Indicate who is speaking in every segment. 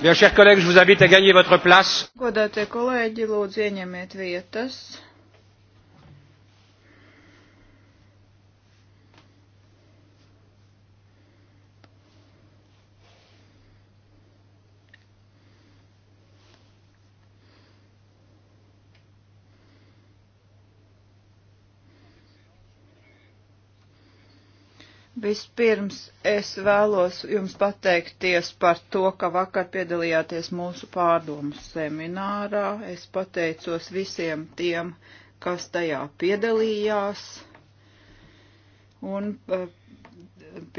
Speaker 1: Bien,
Speaker 2: chers collègues, je vous invite à gagner votre place.
Speaker 1: Godātie kolēģi, lūdzu ieņemiet vietas. Vispirms es vēlos jums pateikties par to, ka vakar piedalījāties mūsu pārdomu seminārā. Es pateicos visiem tiem, kas tajā piedalījās un eh,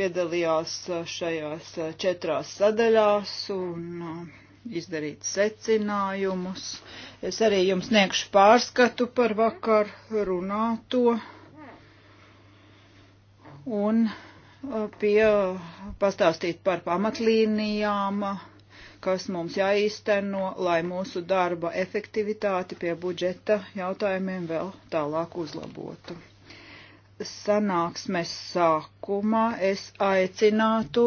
Speaker 1: piedalījās šajās eh, četrās sadaļās un eh, izdarīt secinājumus. Es arī jums sniegšu pārskatu par vakar runāto. Un pie, pastāstīt par pamatlīnijām, kas mums jāīsteno, lai mūsu darba efektivitāti pie budžeta jautājumiem vēl tālāk uzlabotu. Sanāksmes sākumā es aicinātu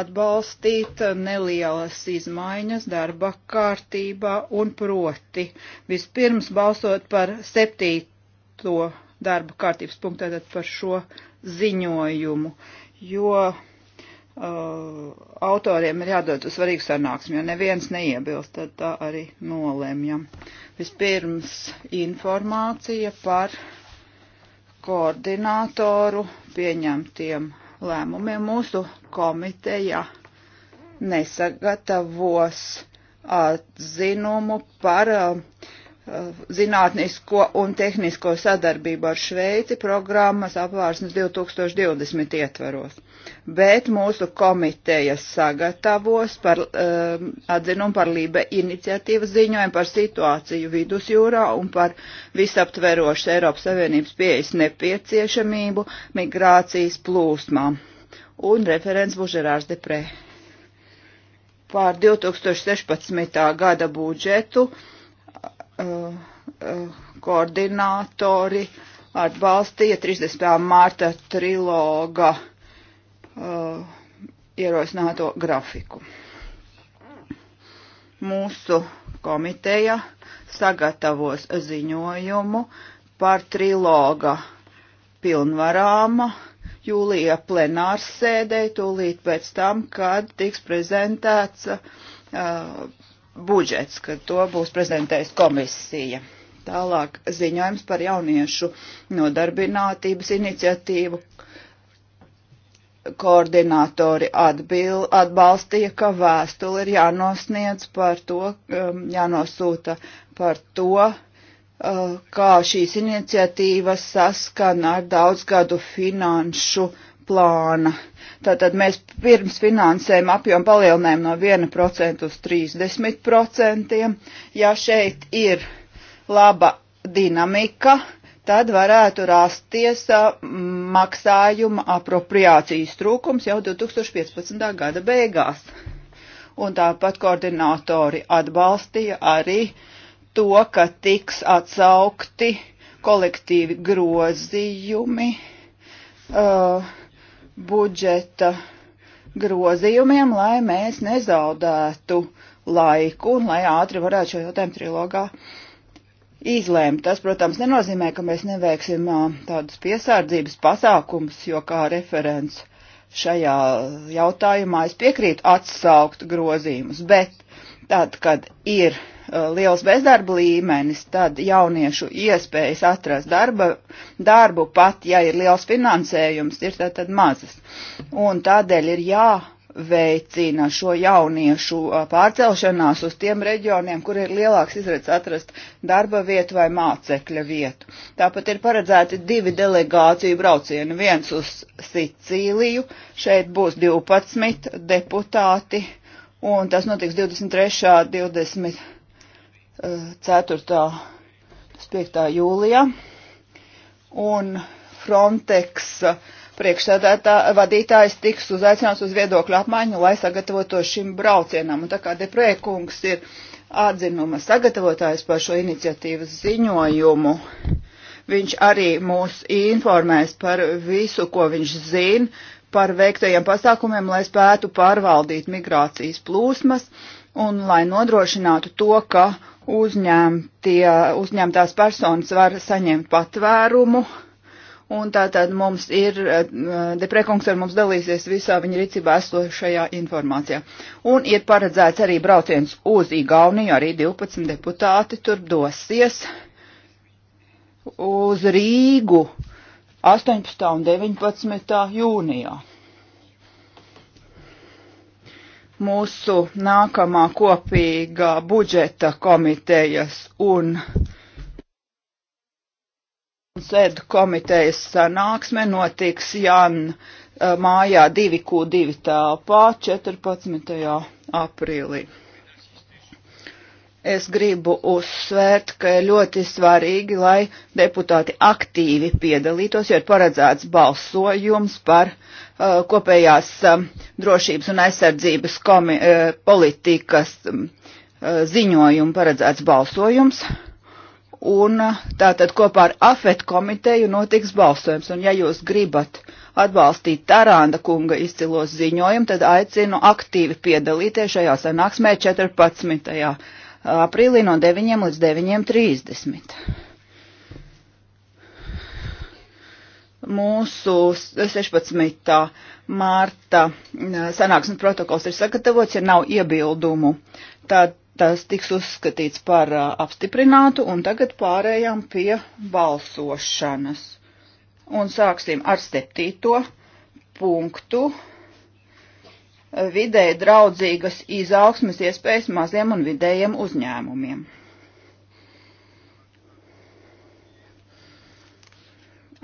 Speaker 1: atbalstīt nelielas izmaiņas darba kārtībā un proti vispirms balsot par septīto darba kārtības punktu, tātad par šo ziņojumu, jo uh, autoriem ir jādod uz svarīgu sanāksmi, jo neviens neiebilst, tad tā arī nolēmjam. Vispirms informācija par koordinātoru pieņemtiem lēmumiem mūsu komiteja nesagatavos atzinumu par uh, zinātnisko un tehnisko sadarbību ar Šveici programmas apvārsnes 2020 ietvaros. Bet mūsu komitejas sagatavos par um, atzinumu par Lībe iniciatīvas ziņojumu par situāciju vidusjūrā un par visaptverošu Eiropas Savienības pieejas nepieciešamību migrācijas plūsmām. Un referents būs Žerārs Deprē. Pār 2016. gada budžetu Uh, uh, koordinātori atbalstīja 30. mārta triloga uh, ierosināto grafiku. Mūsu komiteja sagatavos ziņojumu par triloga pilnvarām jūlija plenārsēdē, tūlīt pēc tam, kad tiks prezentēts uh, budžets, kad to būs prezentējis komisija. Tālāk ziņojums par jauniešu nodarbinātības iniciatīvu. Koordinātori atbil, atbalstīja, ka vēstuli ir jānosniedz par to, um, jānosūta par to, uh, kā šīs iniciatīvas saskana ar daudzgadu finanšu uh, plāna. Tātad mēs pirms finansējuma apjomu palielinājām no 1% uz 30%. Ja šeit ir laba dinamika, tad varētu rasties maksājuma apropriācijas trūkums jau 2015. gada beigās. Un tāpat koordinātori atbalstīja arī to, ka tiks atsaukti kolektīvi grozījumi. Uh, budžeta grozījumiem, lai mēs nezaudētu laiku un lai ātri varētu šo jautājumu trilogā izlēmt. Tas, protams, nenozīmē, ka mēs neveiksim tādus piesārdzības pasākumus, jo kā referents šajā jautājumā es piekrītu atsaukt grozījumus, bet tad, kad ir Uh, liels bezdarba līmenis, tad jauniešu iespējas atrast darba, darbu, pat ja ir liels finansējums, ir tātad mazas. Un tādēļ ir jāveicina šo jauniešu uh, pārcelšanās uz tiem reģioniem, kur ir lielāks izredz atrast darba vietu vai mācekļa vietu. Tāpat ir paredzēti divi delegāciju braucieni, viens uz Sicīliju, šeit būs 12 deputāti, un tas notiks 23. 20 4. 5. jūlijā, un Frontex priekšsēdētā vadītājs tiks uzaicināts uz viedokļu apmaiņu, lai sagatavoto šim braucienam. Un tā kā deprēkungs ir atzinuma sagatavotājs par šo iniciatīvas ziņojumu, viņš arī mūs informēs par visu, ko viņš zina, par veiktajiem pasākumiem, lai spētu pārvaldīt migrācijas plūsmas un lai nodrošinātu to, ka uzņemtie, uzņemtās personas var saņemt patvērumu. Un tātad mums ir, eh, deprekungs ar mums dalīsies visā viņa rīcībā esošajā informācijā. Un ir paredzēts arī brauciens uz Igauniju, arī 12 deputāti tur dosies uz Rīgu 18. un 19. jūnijā mūsu nākamā kopīgā budžeta komitejas un sēdu komitejas sanāksme notiks Jan mājā 2Q2 telpā 14. aprīlī. Es gribu uzsvērt, ka ir ļoti svarīgi, lai deputāti aktīvi piedalītos, jo ir paredzēts balsojums par uh, kopējās uh, drošības un aizsardzības komi, uh, politikas um, uh, ziņojumu paredzēts balsojums. Un uh, tātad kopā ar AFET komiteju notiks balsojums. Un ja jūs gribat atbalstīt Taranda kunga izcilos ziņojumu, tad aicinu aktīvi piedalīties šajā sanāksmē 14 aprīlī no 9 līdz 9.30. Mūsu 16. mārta eh, sanāksmes protokols ir sagatavots, ja nav iebildumu, tad tas tiks uzskatīts par eh, apstiprinātu, un tagad pārējām pie balsošanas. Un sāksim ar septīto punktu vidē draudzīgas izaugsmes iespējas maziem un vidējiem uzņēmumiem.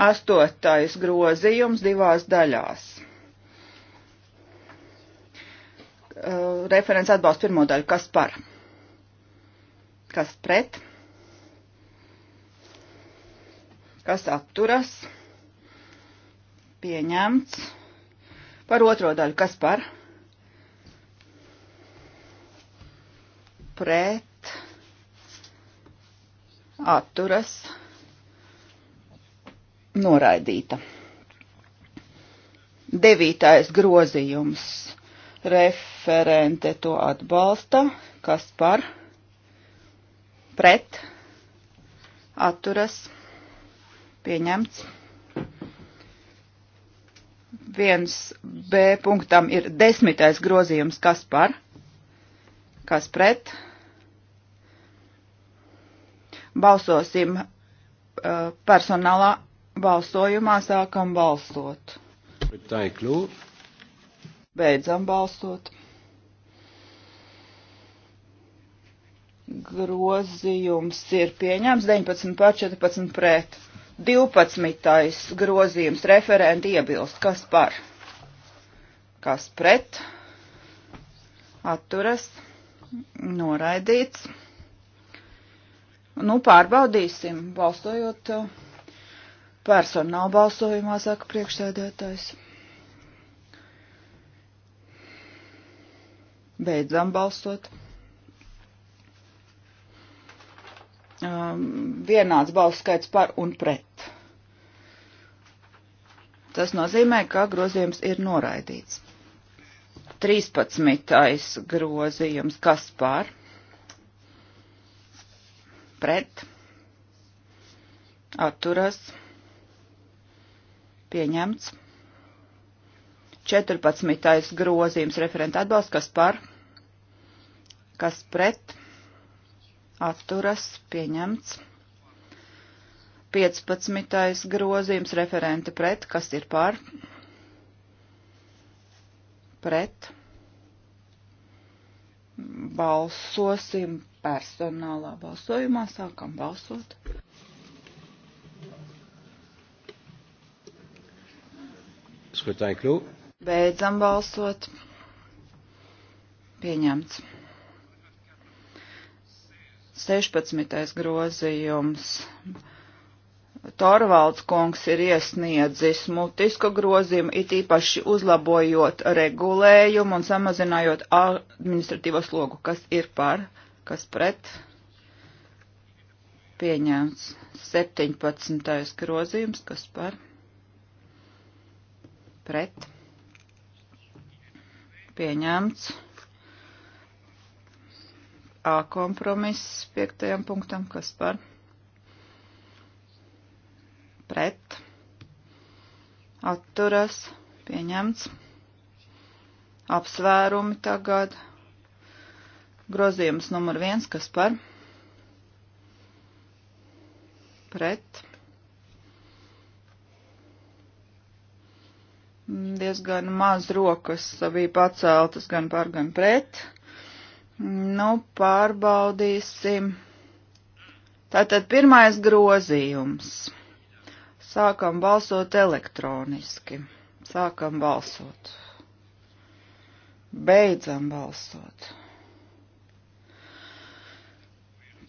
Speaker 1: Astotais grozījums divās daļās. Uh, referents atbalsta pirmo daļu, kas par, kas pret, kas atturas, pieņemts, par otro daļu, kas par, pret, atturas, noraidīta. Devītais grozījums. Referente to atbalsta. Kas par? Pret. Atturas. Pieņemts. 1b punktam ir desmitais grozījums. Kas par? kas pret. Balsosim uh, personālā balsojumā, sākam balsot. Beidzam balsot. Grozījums ir pieņemts 19 pār 14 pret. 12. grozījums referenti iebilst. Kas par? Kas pret? Atturas noraidīts. Nu, pārbaudīsim, balsojot uh, personāla balsojumā, saka priekšsēdētājs. Beidzam balsot. Um, vienāds balsu skaits par un pret. Tas nozīmē, ka grozījums ir noraidīts. 13. grozījums, kas par pret atturas pieņemts. 14. grozījums referenta atbalsts, kas par, kas pret atturas pieņemts. 15. grozījums referenta pret, kas ir par, pret. Balsosim personālā balsojumā, sākam balsot. Skatāju kļū. Beidzam balsot. Pieņemts. 16. grozījums Torvalds kungs ir iesniedzis mutisku grozījumu, it īpaši uzlabojot regulējumu un samazinājot administratīvo slogu. Kas ir par, kas pret? Pieņemts 17. grozījums, kas par? Pret. Pieņemts. A kompromiss piektajam punktam, kas par? pret, atturas, pieņemts, apsvērumi tagad, grozījums numur viens, kas par, pret, diezgan maz rokas bija paceltas gan par, gan pret, nu pārbaudīsim. Tātad pirmais grozījums. Sākam balsot elektroniski. Sākam balsot. Beidzam balsot.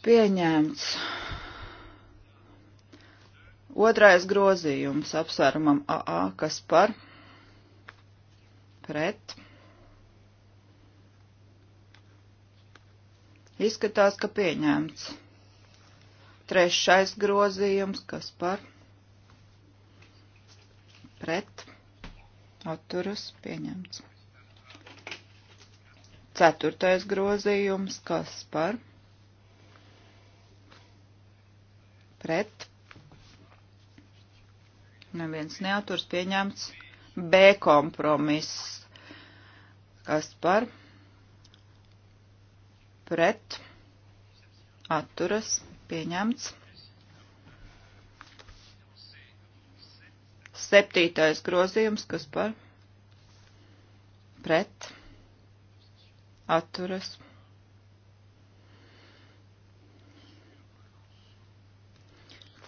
Speaker 1: Pieņemts. Otrais grozījums apsvērumam AA, kas par pret. Izskatās, ka pieņemts. Trešais grozījums, kas par pret pret atturas pieņemts. Ceturtais grozījums, kas par pret neviens neaturs pieņemts B kompromiss, kas par pret atturas pieņemts. Septītais grozījums, kas par pret atturas.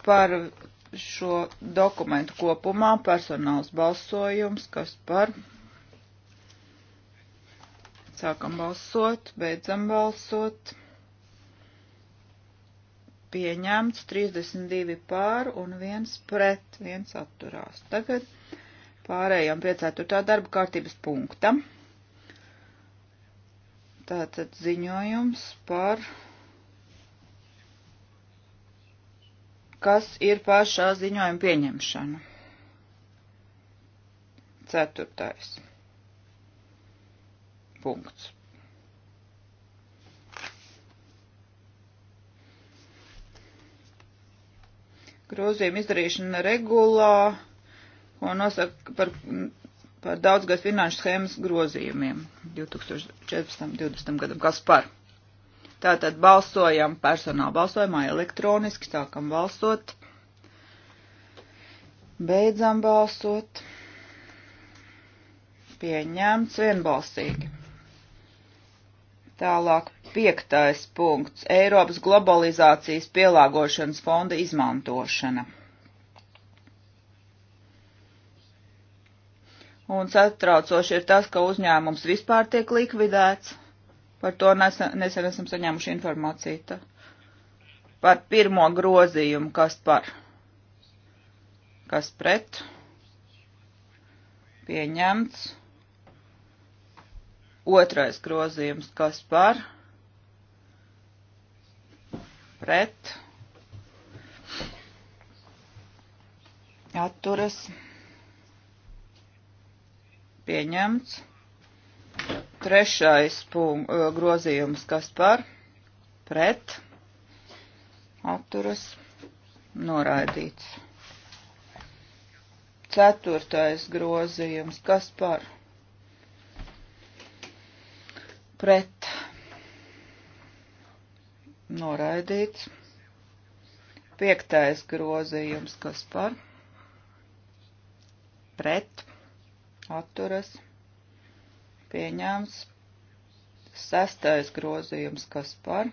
Speaker 1: Par šo dokumentu kopumā personāls balsojums, kas par sākam balsot, beidzam balsot pieņemts 32 pār un 1 pret, 1 atturās. Tagad pārējām pie 4. darba kārtības punkta. Tātad ziņojums par kas ir pašā ziņojuma pieņemšana. Ceturtais punkts. grozījuma izdarīšana regulā, ko nosaka par, par daudzgad finanšu schēmas grozījumiem 2014-2020 gadam. Kas par? Tātad balsojam personāla balsojumā elektroniski, sākam balsot, beidzam balsot, pieņemts vienbalsīgi. Tālāk piektais punkts - Eiropas globalizācijas pielāgošanas fonda izmantošana. Un satraucoši ir tas, ka uzņēmums vispār tiek likvidēts. Par to nesen nesen esam saņēmuši informāciju. Tā. Par pirmo grozījumu, kas par, kas pret, pieņemts Otrais grozījums, kas par pret atturas pieņemts. Trešais punk, grozījums, kas par pret atturas noraidīts. Ceturtais grozījums, kas par pret pret noraidīts. Piektais grozījums, kas par pret atturas pieņēms. Sestais grozījums, kas par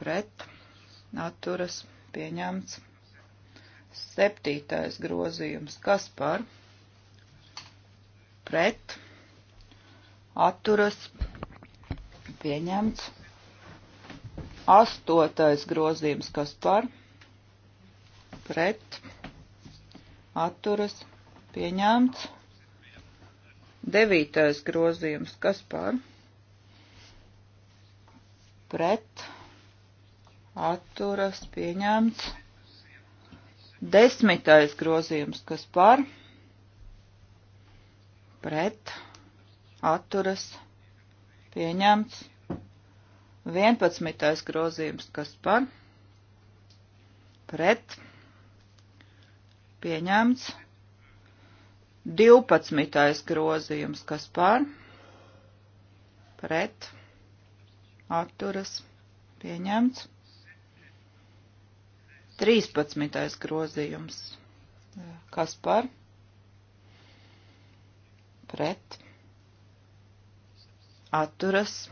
Speaker 1: pret atturas pieņemts. Septītais grozījums, kas par pret atturas pieņemts. Astotais grozījums, kas par pret atturas pieņemts. Devītais grozījums, kas par pret atturas pieņemts. Desmitais grozījums, kas par pret atturas, pieņemts. 11. grozījums, kas par, pret, pieņemts. 12. grozījums, kas par, pret, atturas, pieņemts. 13. grozījums, kas par, pret, atturas.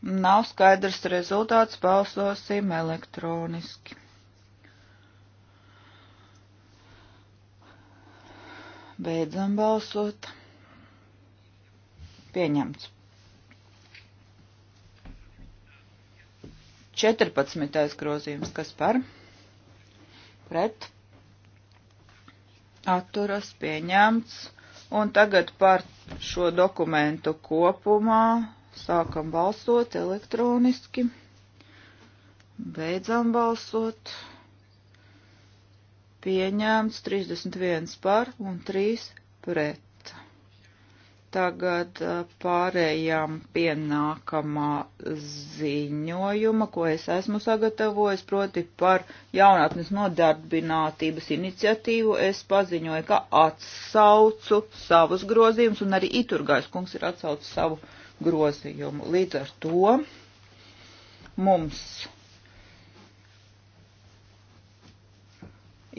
Speaker 1: Nav skaidrs rezultāts, balsosim elektroniski. Beidzam balsot. Pieņemts. 14. grozījums, kas par? Pret. Atturas pieņemts. Un tagad par šo dokumentu kopumā sākam balsot elektroniski. Beidzam balsot. Pieņēmts 31 par un 3 pret. Tagad uh, pārējām pie nākamā ziņojuma, ko es esmu sagatavojis, proti par jaunatnes nodarbinātības iniciatīvu. Es paziņoju, ka atsaucu savus grozījumus, un arī Iturgais kungs ir atsaucis savu grozījumu. Līdz ar to mums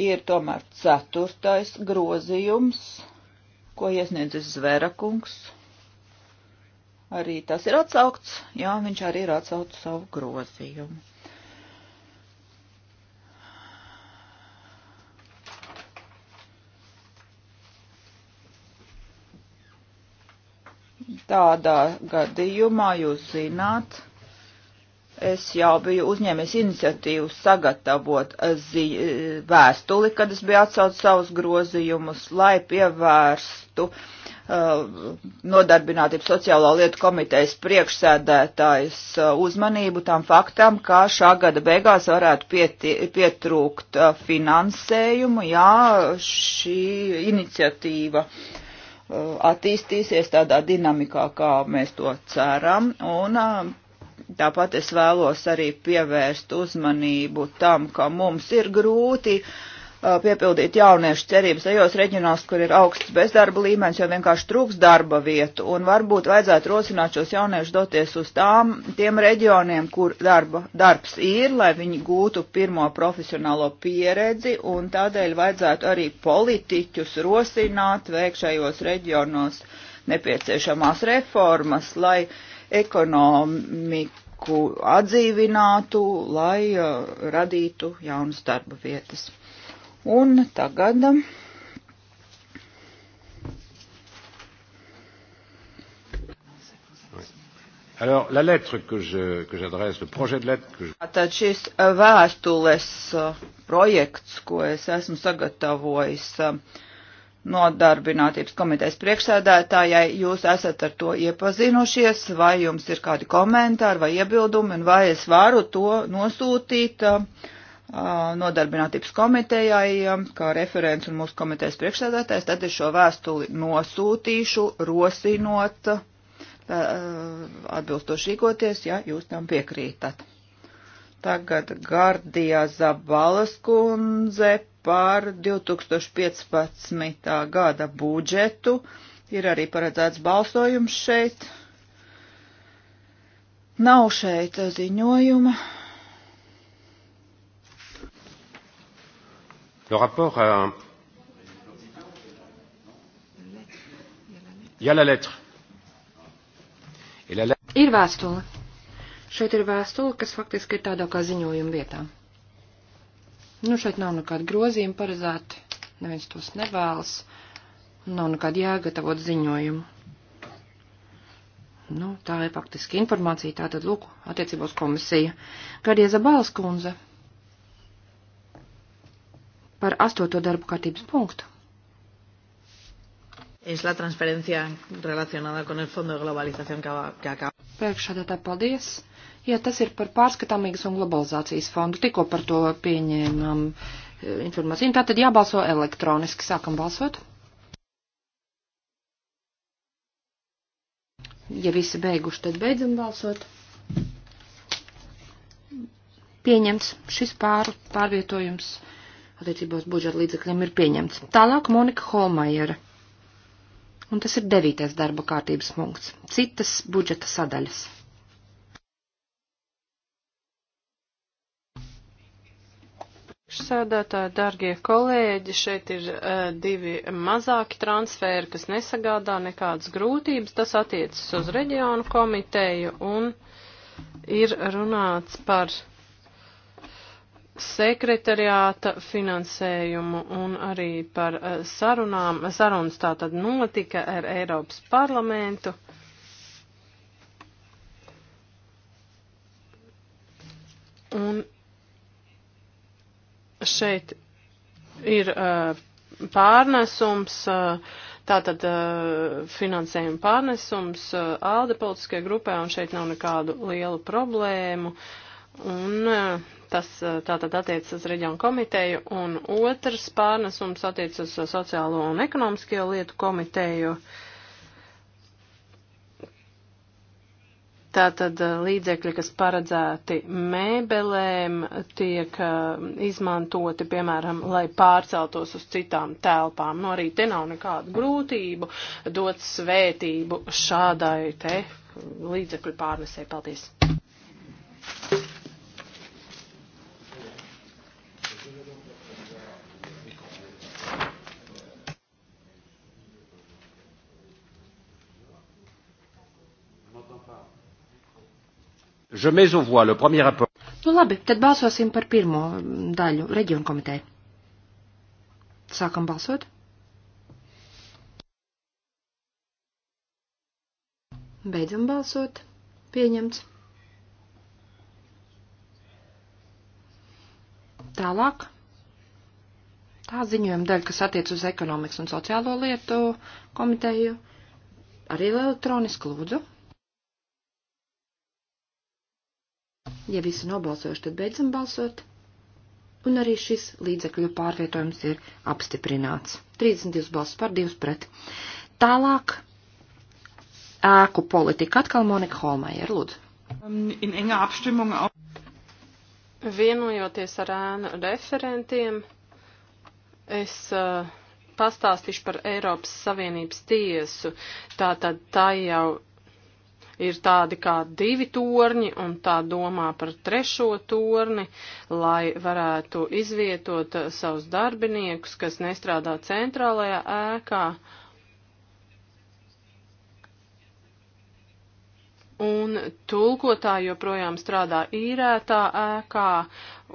Speaker 1: ir tomēr ceturtais grozījums ko iesniedzis Zverakungs. Arī tas ir atsaukts, jā, viņš arī ir atsaucis savu grozījumu. Tādā gadījumā jūs zināt, Es jau biju uzņēmis iniciatīvu sagatavot eh, zi, eh, vēstuli, kad es biju atsauc savus grozījumus, lai pievērstu uh, eh, nodarbinātību sociālo lietu komitejas priekšsēdētājs uh, uzmanību tam faktam, kā šā gada beigās varētu pieti, pietrūkt uh, finansējumu, ja šī iniciatīva attīstīsies tādā dinamikā, kā mēs to ceram, un Tāpat es vēlos arī pievērst uzmanību tam, ka mums ir grūti uh, piepildīt jauniešu cerības tajos reģionos, kur ir augsts bezdarba līmenis, jo vienkārši trūks darba vietu, un varbūt vajadzētu rosināt šos jauniešus doties uz tām, tiem reģioniem, kur darba, darbs ir, lai viņi gūtu pirmo profesionālo pieredzi, un tādēļ vajadzētu arī politiķus rosināt veikšajos reģionos nepieciešamās reformas, lai uh, ekonomiku atdzīvinātu, lai uh, radītu jaunas darba vietas. Un tagad. Um,
Speaker 3: Alors, la lettre que j'adresse, le projet de lettre que je...
Speaker 1: Tātad šis uh, vēstules uh, projekts, ko es esmu sagatavojis, uh, nodarbinātības komitejas priekšsēdētājai, jūs esat ar to iepazinušies, vai jums ir kādi komentāri vai iebildumi, un vai es varu to nosūtīt uh, nodarbinātības komitejai, um, kā referents un mūsu komitejas priekšsēdētājs, tad es šo vēstuli nosūtīšu, rosinot, uh, atbilstoši rīkoties, ja jūs tam piekrītat. Tagad Gardijā Zabalas kundze par 2015. gada budžetu. Ir arī paredzēts balsojums šeit. Nav šeit ziņojuma.
Speaker 3: Le rapport a.
Speaker 2: Il y a la lettre. Et la lettre. Ir vēstule. Šeit ir vēstule, kas faktiski ir tādā kā ziņojuma vietā. Nu, šeit nav nekāda grozījuma paredzēti, neviens tos nevēlas, nav nekāda jāgatavot ziņojumu. Nu, tā ir faktiski informācija, tā tad lūk, attiecībos komisija. Gadieza Balskundze par astoto darbu kārtības punktu.
Speaker 1: Es la transferencia relacionada con el fondo de globalización que acaba.
Speaker 2: Priekšādātāji, paldies. Jā, tas ir par pārskatāmīgas un globalizācijas fondu. Tikko par to pieņēmām eh, informāciju. Tātad jābalso elektroniski. Sākam balsot. Ja visi beiguši, tad beidzam balsot. Pieņemts šis pār, pārvietojums attiecībos budžeta līdzekļiem ir pieņemts. Tālāk Monika Holmajera un tas ir devītais darba kārtības punkts - citas budžeta sadaļas.
Speaker 3: Priekšsēdētāji, darbie kolēģi, šeit ir uh, divi mazāki transferi, kas nesagādā nekādas grūtības. Tas attiecas uz reģionu komiteju un ir runāts par sekretariāta finansējumu un arī par eh, sarunām. Sarunas tā tad notika ar Eiropas parlamentu. Un šeit ir uh, pārnesums, uh, tātad uh, finansējuma pārnesums uh, ALDE politiskajai grupai, un šeit nav nekādu lielu problēmu. Un uh, tas eh, tātad attiecas uz reģionu komiteju, un otrs pārnesums attiecas uz sociālo un ekonomisko lietu komiteju. Tātad eh, līdzekļi, kas paredzēti mēbelēm, tiek eh, izmantoti, piemēram, lai pārceltos uz citām telpām. No nu, arī te nav nekādu grūtību dot svētību šādai te līdzekļu pārnesē. Paldies!
Speaker 2: Je mets au voie le premier rapport. Nu labi, tad balsosim par pirmo daļu reģionu komiteju. Sākam balsot. Beidzam balsot. Pieņemts. Tālāk. Tā ziņojuma daļa, kas attiec uz ekonomikas un sociālo lietu komiteju, arī elektroniski lūdzu. Ja visi nobalsojuši, tad beidzam balsot. Un arī šis līdzekļu pārvietojums ir apstiprināts. 32 balsts par 2 pret. Tālāk ēku politika. Atkal Monika Holmaier, lūdzu.
Speaker 1: Um,
Speaker 3: Vienojoties ar ēnu referentiem, es uh, pastāstīšu par Eiropas Savienības tiesu. Tātad tā jau ir tādi kā divi torņi un tā domā par trešo torni, lai varētu izvietot eh, savus darbiniekus, kas nestrādā centrālajā ēkā. un tulkotāji joprojām strādā īrētā ēkā,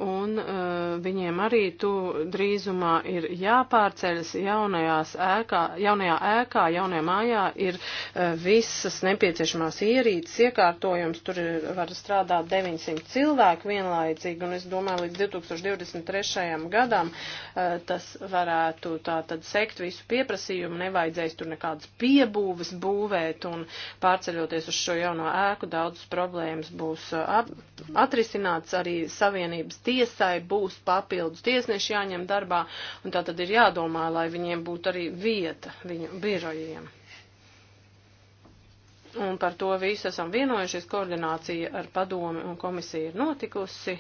Speaker 3: un uh, viņiem arī tu drīzumā ir jāpārceļas jaunajās ēkā, jaunajā ēkā, jaunajā mājā ir uh, visas nepieciešamās ierīces iekārtojums, tur ir, var strādāt 900 cilvēku vienlaicīgi, un es domāju, līdz 2023. gadam uh, tas varētu tā tad sekt visu pieprasījumu, nevajadzēs tur nekādas piebūves būvēt, un pārceļoties uz šo jauno ēku, daudzas problēmas būs uh, atrisināts arī savienības tiesai būs papildus tiesneši jāņem darbā, un tā tad ir jādomā, lai viņiem būtu arī vieta viņu birojiem. Un par to visu esam vienojušies, koordinācija ar padomi un komisiju ir notikusi,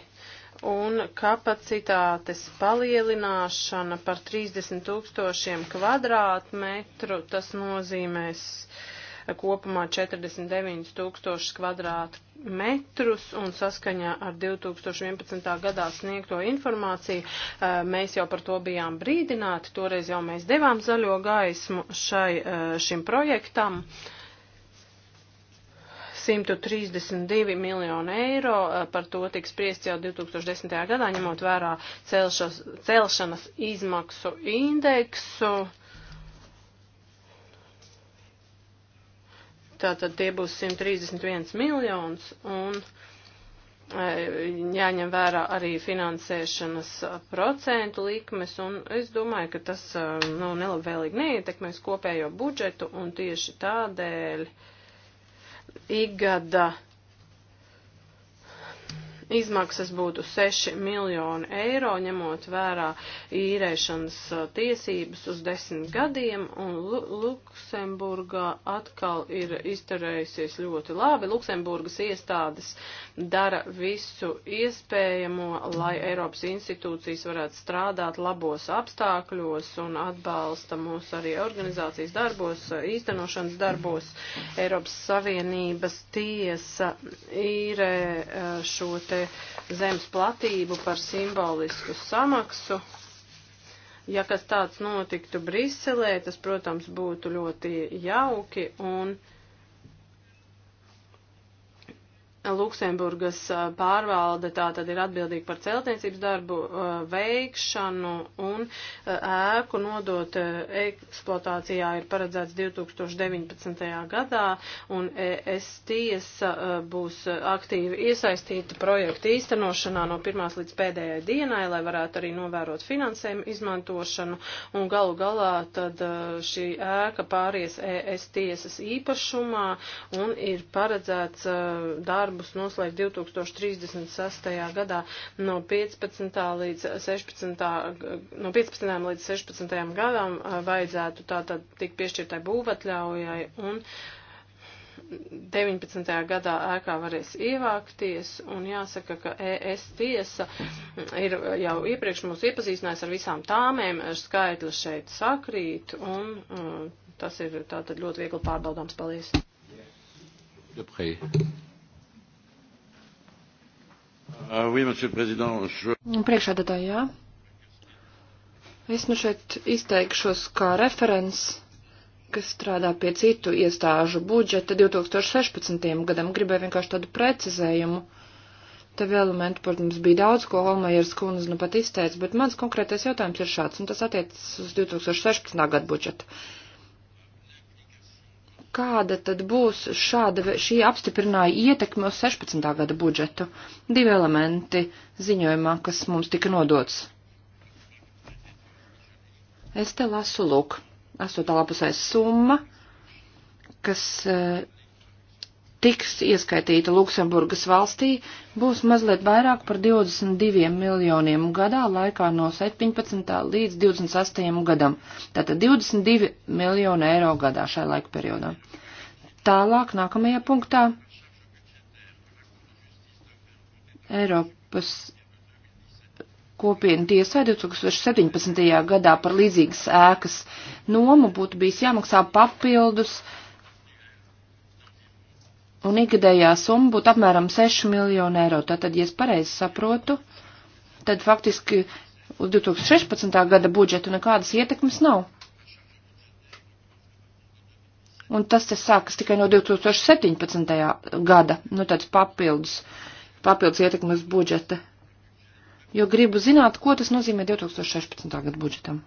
Speaker 3: un kapacitātes palielināšana par 30 tūkstošiem kvadrātmetru, tas nozīmēs uh, kopumā 49 tūkstošus kvadrātu metrus un saskaņā ar 2011. gadā sniegto informāciju eh, mēs jau par to bijām brīdināti, toreiz jau mēs devām zaļo gaismu šai, eh, šim projektam. 132 miljonu eiro, eh, par to tiks spriest jau 2010. gadā, ņemot vērā celšas, celšanas izmaksu indeksu. Tātad tie būs 131 miljonus un e, jāņem vērā arī finansēšanas procentu likmes, un es domāju, ka tas e, nu, nelabvēlīgi neietekmēs kopējo budžetu, un tieši tādēļ igada uh, Izmaksas būtu 6 miljoni eiro, ņemot vērā īrēšanas uh, tiesības uz 10 gadiem, un Lu Luksemburgā atkal ir izturējusies ļoti labi. Luksemburgas iestādes dara visu iespējamo, lai Eiropas institūcijas varētu strādāt labos apstākļos un atbalsta mūs arī organizācijas darbos, uh, īstenošanas darbos. Eiropas Savienības tiesa īrē uh, šo te te zemes platību par simbolisku samaksu. Ja kas tāds notiktu Briselē, tas, protams, būtu ļoti jauki un. Uh, Luksemburgas pārvalde tā tad ir atbildīga par celtniecības darbu veikšanu un ēku nodot eksploatācijā ir paredzēts 2019. gadā un ES tiesa būs aktīvi iesaistīta projekta īstenošanā no pirmās līdz pēdējai dienai, lai varētu arī novērot finansējumu izmantošanu un galu galā tad šī ēka pāries ES tiesas īpašumā un ir paredzēts darbu darbus noslēgt 2036. gadā no 15. līdz 16. No 15. līdz 16. gadam vajadzētu tātad tik piešķirtai būvatļaujai un 19. gadā ēkā varēs ievākties, un jāsaka, ka ES tiesa ir jau iepriekš mūs iepazīstinājusi ar visām tāmēm, ar skaitli šeit sakrīt, un um, tas ir tātad ļoti viegli pārbaudāms. Paldies! Deprē. Uh, oui, je...
Speaker 2: Priekšādatāji, jā. Es nu šeit izteikšos kā referents, kas strādā pie citu iestāžu budžeta 2016. gadam. Gribēju vienkārši tādu precizējumu. Tev elementu, protams, bija daudz, ko Holmajers kundze nu pat izteica, bet mans konkrētais jautājums ir šāds, un tas attiecas uz 2016. gadu budžetu kāda tad būs šāda, šī apstiprinājuma ietekme uz 16. gada budžetu. Divi elementi ziņojumā, kas mums tika nodots. Es te lasu, lūk, astotā lapusē summa, kas eh, tiks ieskaitīta Luksemburgas valstī, būs mazliet vairāk par 22 miljoniem gadā laikā no 17. līdz 28. gadam. Tātad 22 miljoni eiro gadā šai laika periodā. Tālāk nākamajā punktā Eiropas kopienu tiesā 2017. gadā par līdzīgas ēkas nomu būtu bijis jāmaksā papildus un ikgadējā summa būtu apmēram 6 miljoni eiro. Tātad, ja es pareizi saprotu, tad faktiski uz 2016. gada budžetu nekādas ietekmes nav. Un tas te sākas tikai no 2017. gada, nu tāds papildus, papildus ietekmes budžeta. Jo gribu zināt, ko tas nozīmē 2016. gada budžetam.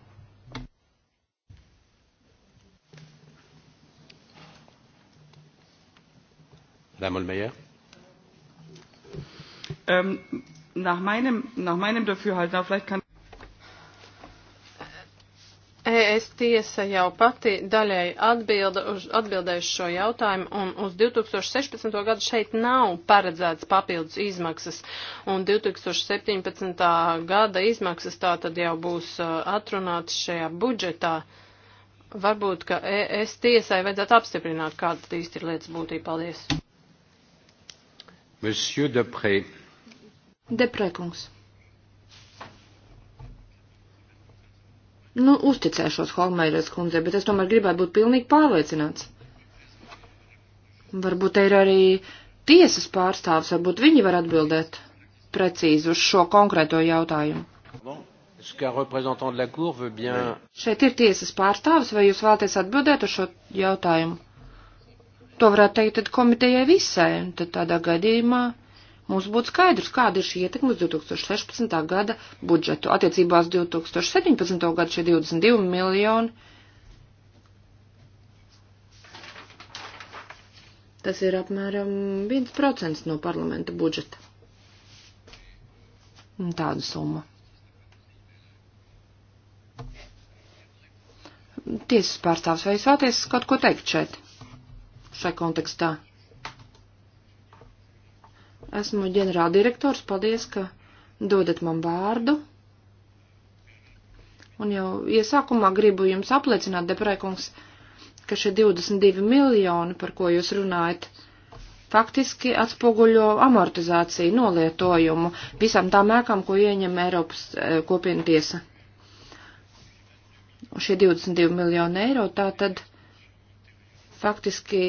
Speaker 1: Madame Olmeyer. Ähm, nach, meinem, nach meinem Dafürhalten, aber vielleicht kann.
Speaker 3: ES tiesa jau pati daļai atbilda uz, atbildēju šo jautājumu, un uz 2016. gadu šeit nav paredzēts papildus izmaksas, un 2017. gada izmaksas tā tad jau būs uh, atrunātas šajā budžetā. Varbūt, ka ES tiesai vajadzētu apstiprināt, kāda īsti ir
Speaker 2: lietas būtība. Paldies!
Speaker 3: Monsieur Depré.
Speaker 2: Depré kungs. Nu, uzticēšos Holmairas kundzei, bet es tomēr gribētu būt pilnīgi pārliecināts. Varbūt te ir arī tiesas pārstāvs, varbūt viņi var atbildēt precīzi uz šo konkrēto jautājumu. Bon. Šeit ir tiesas pārstāvs, vai jūs vēlaties atbildēt uz šo jautājumu? To varētu teikt tad komitejai visai, un tad tādā gadījumā mums būtu skaidrs, kāda ir šī ietekme uz 2016. gada budžetu. Attiecībās 2017. gadu šie 22 miljoni. Tas ir apmēram 1% no parlamenta budžeta. Tāda summa. Tiesas pārstāvs, vai jūs vēlaties kaut ko teikt šeit? šai kontekstā. Esmu ģenerāldirektors, paldies, ka dodat man vārdu. Un jau iesākumā gribu jums apliecināt, deprēkungs, ka šie 22 miljoni, par ko jūs runājat, faktiski atspoguļo amortizāciju, nolietojumu visām tām ēkām, ko ieņem Eiropas eh, kopiena tiesa. Šie 22 miljoni eiro tā tad faktiski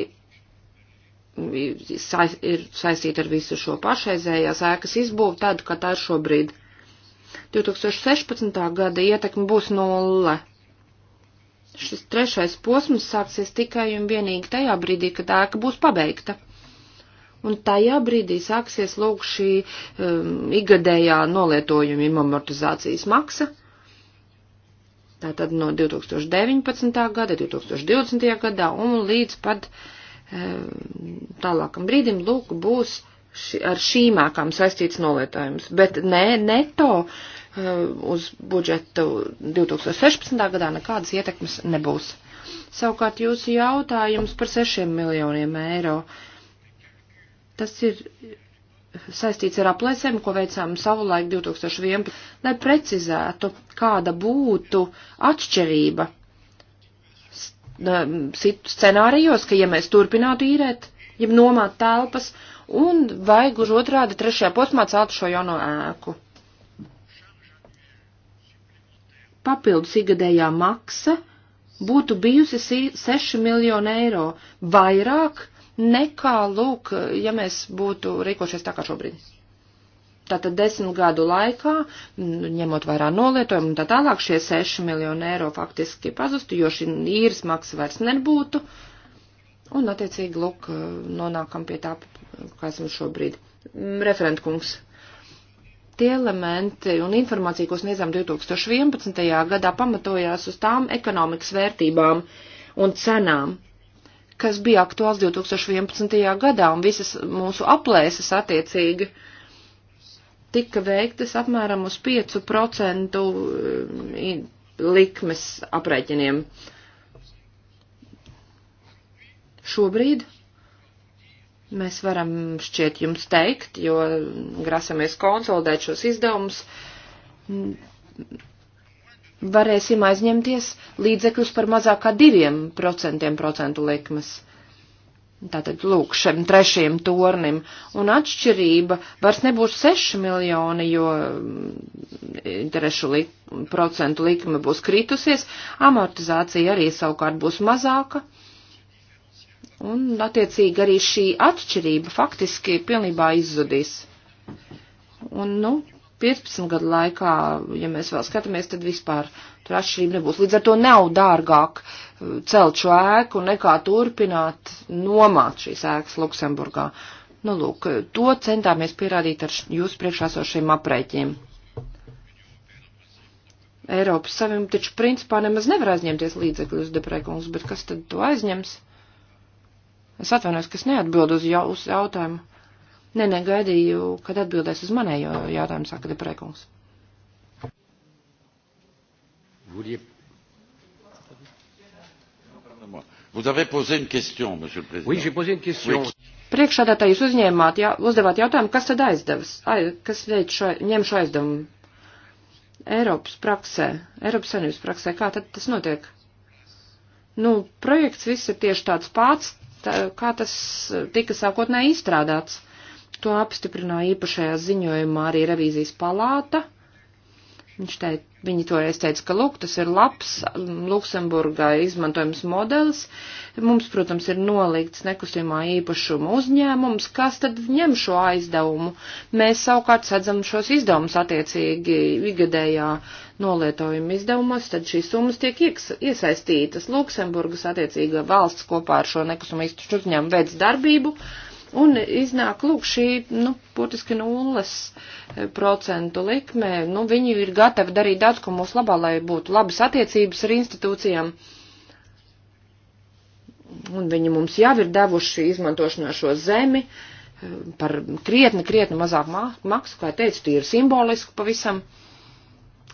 Speaker 2: ir saistīta ar visu šo pašreizējās ēkas izbūvu tādu, kā tā ir šobrīd. 2016. gada ietekme būs nulle. Šis trešais posms sāksies tikai un vienīgi tajā brīdī, kad ēka būs pabeigta. Un tajā brīdī sāksies lūk šī um, igadējā nolietojuma imamortizācijas maksa. Tātad no 2019. gada, 2020. gadā un līdz pat uh, Ehm, tālākam brīdim, lūk, būs ši, ar šīm ēkām saistīts novietojums. Bet nē, ne, neto ehm, uz budžetu 2016. gadā nekādas ietekmes nebūs. Savukārt jūsu jautājums par 6 miljoniem eiro. Tas ir saistīts ar aplēsēm, ko veicām savulaik 2011, lai precizētu, kāda būtu atšķirība Um, scenārijos, ka ja mēs turpinātu īrēt, ja nomāt telpas, un vai gluži otrādi trešajā posmā celtu šo jauno ēku. Papildus igadējā maksa būtu bijusi 6 miljonu eiro vairāk nekā, lūk, ja mēs būtu rīkošies tā kā šobrīd. Tātad desmit gadu laikā, ņemot vairā nolietojumu un tā tālāk, šie 6 miljoni eiro faktiski pazustu, jo šī īres maksa vairs nebūtu. Un, attiecīgi, lūk, nonākam pie tā, kā esam šobrīd. Mm, Referentkungs. Tie elementi un informācija, ko sniedzām 2011. gadā, pamatojās uz tām ekonomikas vērtībām un cenām, kas bija aktuāls 2011. gadā, un visas mūsu aplēses attiecīgi uh, tika veiktas apmēram uz 5% eh, likmes aprēķiniem. Šobrīd mēs varam šķiet jums teikt, jo grasamies konsolidēt šos izdevumus, varēsim aizņemties līdzekļus par mazāk kā 2% procentu likmes. Tātad, lūk, šim trešajam tornim. Un atšķirība vairs nebūs 6 miljoni, jo mm, interešu li procentu likme būs kritusies, amortizācija arī savukārt būs mazāka. Un, attiecīgi, arī šī atšķirība faktiski pilnībā izzudīs. Un, nu, 15 gadu laikā, ja mēs vēl skatāmies, tad vispār tur atšķirība nebūs. Līdz ar to nav dārgāk uh, celt šo ēku nekā turpināt nomāt šīs ēkas Luksemburgā. Nu, lūk, to centāmies pierādīt ar jūsu priekšāsošiem aprēķiem. Eiropas saviem taču principā nemaz nevar aizņemties līdzekļus, deprēkungs, bet kas tad to aizņems? Es atvainojos, kas neatbild uz jau, uz jautājumu. Nē, nē, gaidīju, kad atbildēs uz manējo jautājumu, saka deprēkungs.
Speaker 3: Vous avez posé une question, monsieur le président. Oui, j'ai posé une question.
Speaker 2: Oui. Priekšādā jūs uzņēmāt, jā, uzdevāt jautājumu, kas tad aizdevas, ai, kas šo, ņem šo aizdevumu Eiropas praksē, Eiropas Savienības praksē, kā tad tas notiek? Nu, projekts viss ir tieši tāds pats, tā, kā tas tika sākotnēji izstrādāts. To apstiprināja īpašajā ziņojumā arī revīzijas palāta. Viņš teica, viņi toreiz teica, ka lūk, tas ir labs mm, Luksemburgā izmantojams modelis. Mums, protams, ir nolikts nekustamā īpašuma uzņēmums, kas tad ņem šo aizdevumu. Mēs savukārt sedzam šos izdevumus attiecīgi igadējā nolietojuma izdevumos, tad šīs summas tiek iesaistītas. Luksemburgas attiecīga valsts kopā ar šo nekustamā īpašuma uzņēmumu veids darbību. Uh, Un iznāk, lūk, šī, nu, būtiski nulles eh, procentu likmē. Nu, viņi ir gatavi darīt daudz, ko mūsu labā, lai būtu labas attiecības ar institūcijām. Un viņi mums jau ir devuši izmantošanā šo zemi eh, par krietni, krietni mazāk maksu, kā teicu, tie ir simboliski pavisam.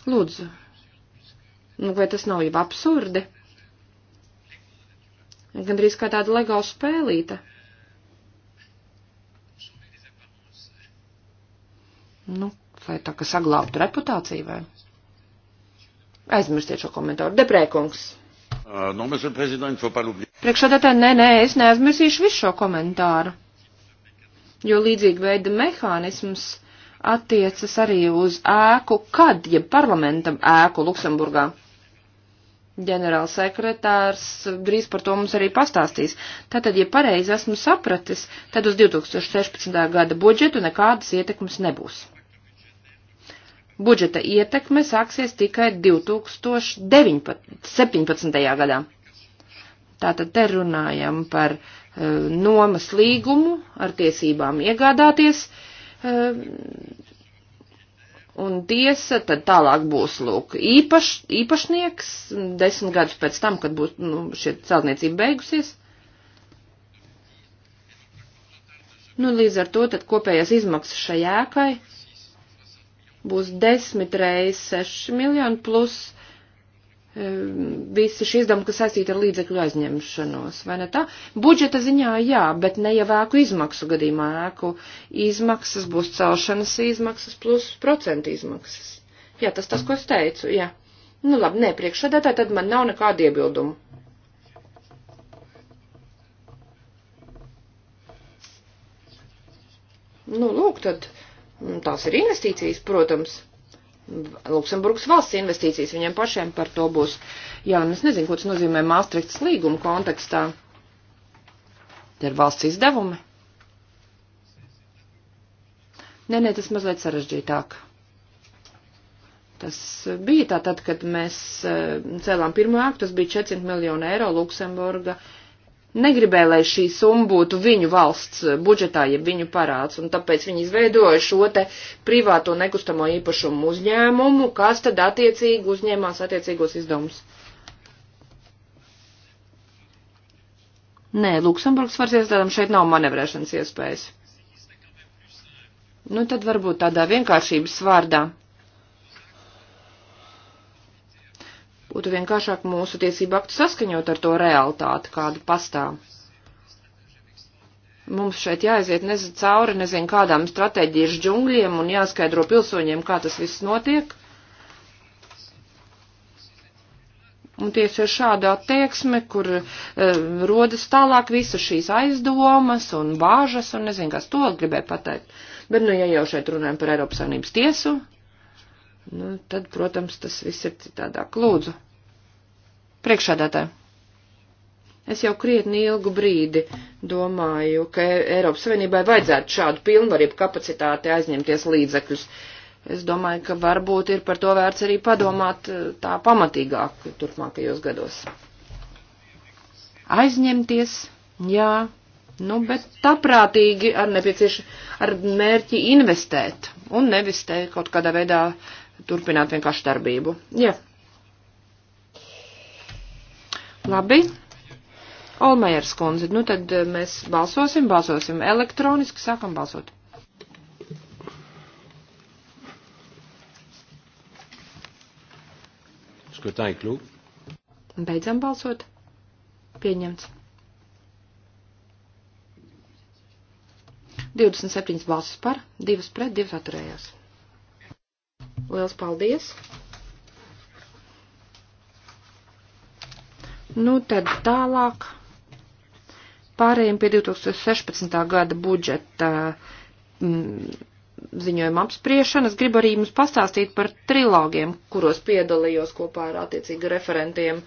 Speaker 2: Lūdzu, nu, vai tas nav jau absurdi? Gandrīz kā tāda legāla spēlīta. Nu, vai tā, ka saglābtu reputāciju vai? Aizmirstiet šo komentāru. Deprēkungs. Uh, no, Priekšādātāji, nē, nē, es neaizmirsīšu visu šo komentāru. Jo līdzīga veida mehānisms attiecas arī uz ēku, kad, ja parlamentam ēku Luksemburgā. Ģenerāls sekretārs drīz par to mums arī pastāstīs. Tātad, ja pareizi esmu sapratis, tad uz 2016. gada budžetu nekādas ietekmes nebūs budžeta ietekme sāksies tikai 2017. gadā. Tātad te runājam par uh, nomas līgumu ar tiesībām iegādāties, uh, un tiesa tad tālāk būs, lūk, īpaš, īpašnieks desmit gadus pēc tam, kad būs nu, šie celtniecība beigusies. Nu, līdz ar to tad kopējās izmaksas šai ēkai būs desmit reizes seši miljoni plus e, visi šī izdevuma, kas saistīta ar līdzekļu aizņemšanos, vai ne tā? Budžeta ziņā jā, bet ne jau ēku izmaksu gadījumā. Ēku izmaksas būs celšanas izmaksas plus procentu izmaksas. Jā, tas tas, ko es teicu, jā. Nu labi, nē, priekšsēdētāji, tad man nav nekāda iebilduma. Nu, lūk, tad Mm, tās ir investīcijas, protams. Luksemburgas valsts investīcijas viņiem pašiem par to būs. Jā, un es nezinu, ko tas nozīmē Maastrichtas līguma kontekstā. Te ir valsts izdevumi. Nē, nē, tas mazliet sarežģītāk. Tas bija tā tad, kad mēs eh, cēlām pirmo aktu, tas bija 400 miljonu eiro Luksemburga. Uh, negribēja, lai šī summa būtu viņu valsts budžetā, ja viņu parāds, un tāpēc viņi izveidoja šo te privāto nekustamo īpašumu uzņēmumu, kas tad attiecīgi uzņēmās attiecīgos izdevumus. Nē, Luksemburgas varas iestādām šeit nav manevrēšanas iespējas. Nu, tad varbūt tādā vienkāršības vārdā būtu vienkāršāk mūsu tiesību aktu saskaņot ar to realitāti, kādu pastāv. Mums šeit jāaiziet nezin, cauri nezinu kādām stratēģijas džungļiem un jāskaidro pilsoņiem, kā tas viss notiek. Un tieši ar šādu attieksmi, kur e, rodas tālāk visas šīs aizdomas un bāžas un nezinu, kas to gribēja pateikt. Bet, nu, ja jau šeit runājam par Eiropas Savienības tiesu, nu, tad, protams, tas viss ir citādāk. Lūdzu. Priekšādātāji. Es jau krietni ilgu brīdi domāju, ka Eiropas Savienībai vajadzētu šādu pilnvarību kapacitāti aizņemties līdzekļus. Es domāju, ka varbūt ir par to vērts arī padomāt eh, tā pamatīgāk turpmākajos gados. Aizņemties, jā, nu, bet tāprātīgi ar nepieciešu, ar mērķi investēt un nevis te kaut kādā veidā turpināt vienkārši darbību. Jā, Labi. Olmajers kundze, nu tad eh, mēs balsosim, balsosim elektroniski, sākam balsot.
Speaker 3: Skatāj, klūp.
Speaker 2: Beidzam balsot. Pieņemts. 27 balsis par, 2 pret, 2 atturējās. Liels paldies! Nu, tad tālāk pārējiem pie 2016. gada budžeta mm, ziņojuma apspriešanas. Gribu arī jums pastāstīt par trilogiem, kuros piedalījos kopā ar attiecīgu referentiem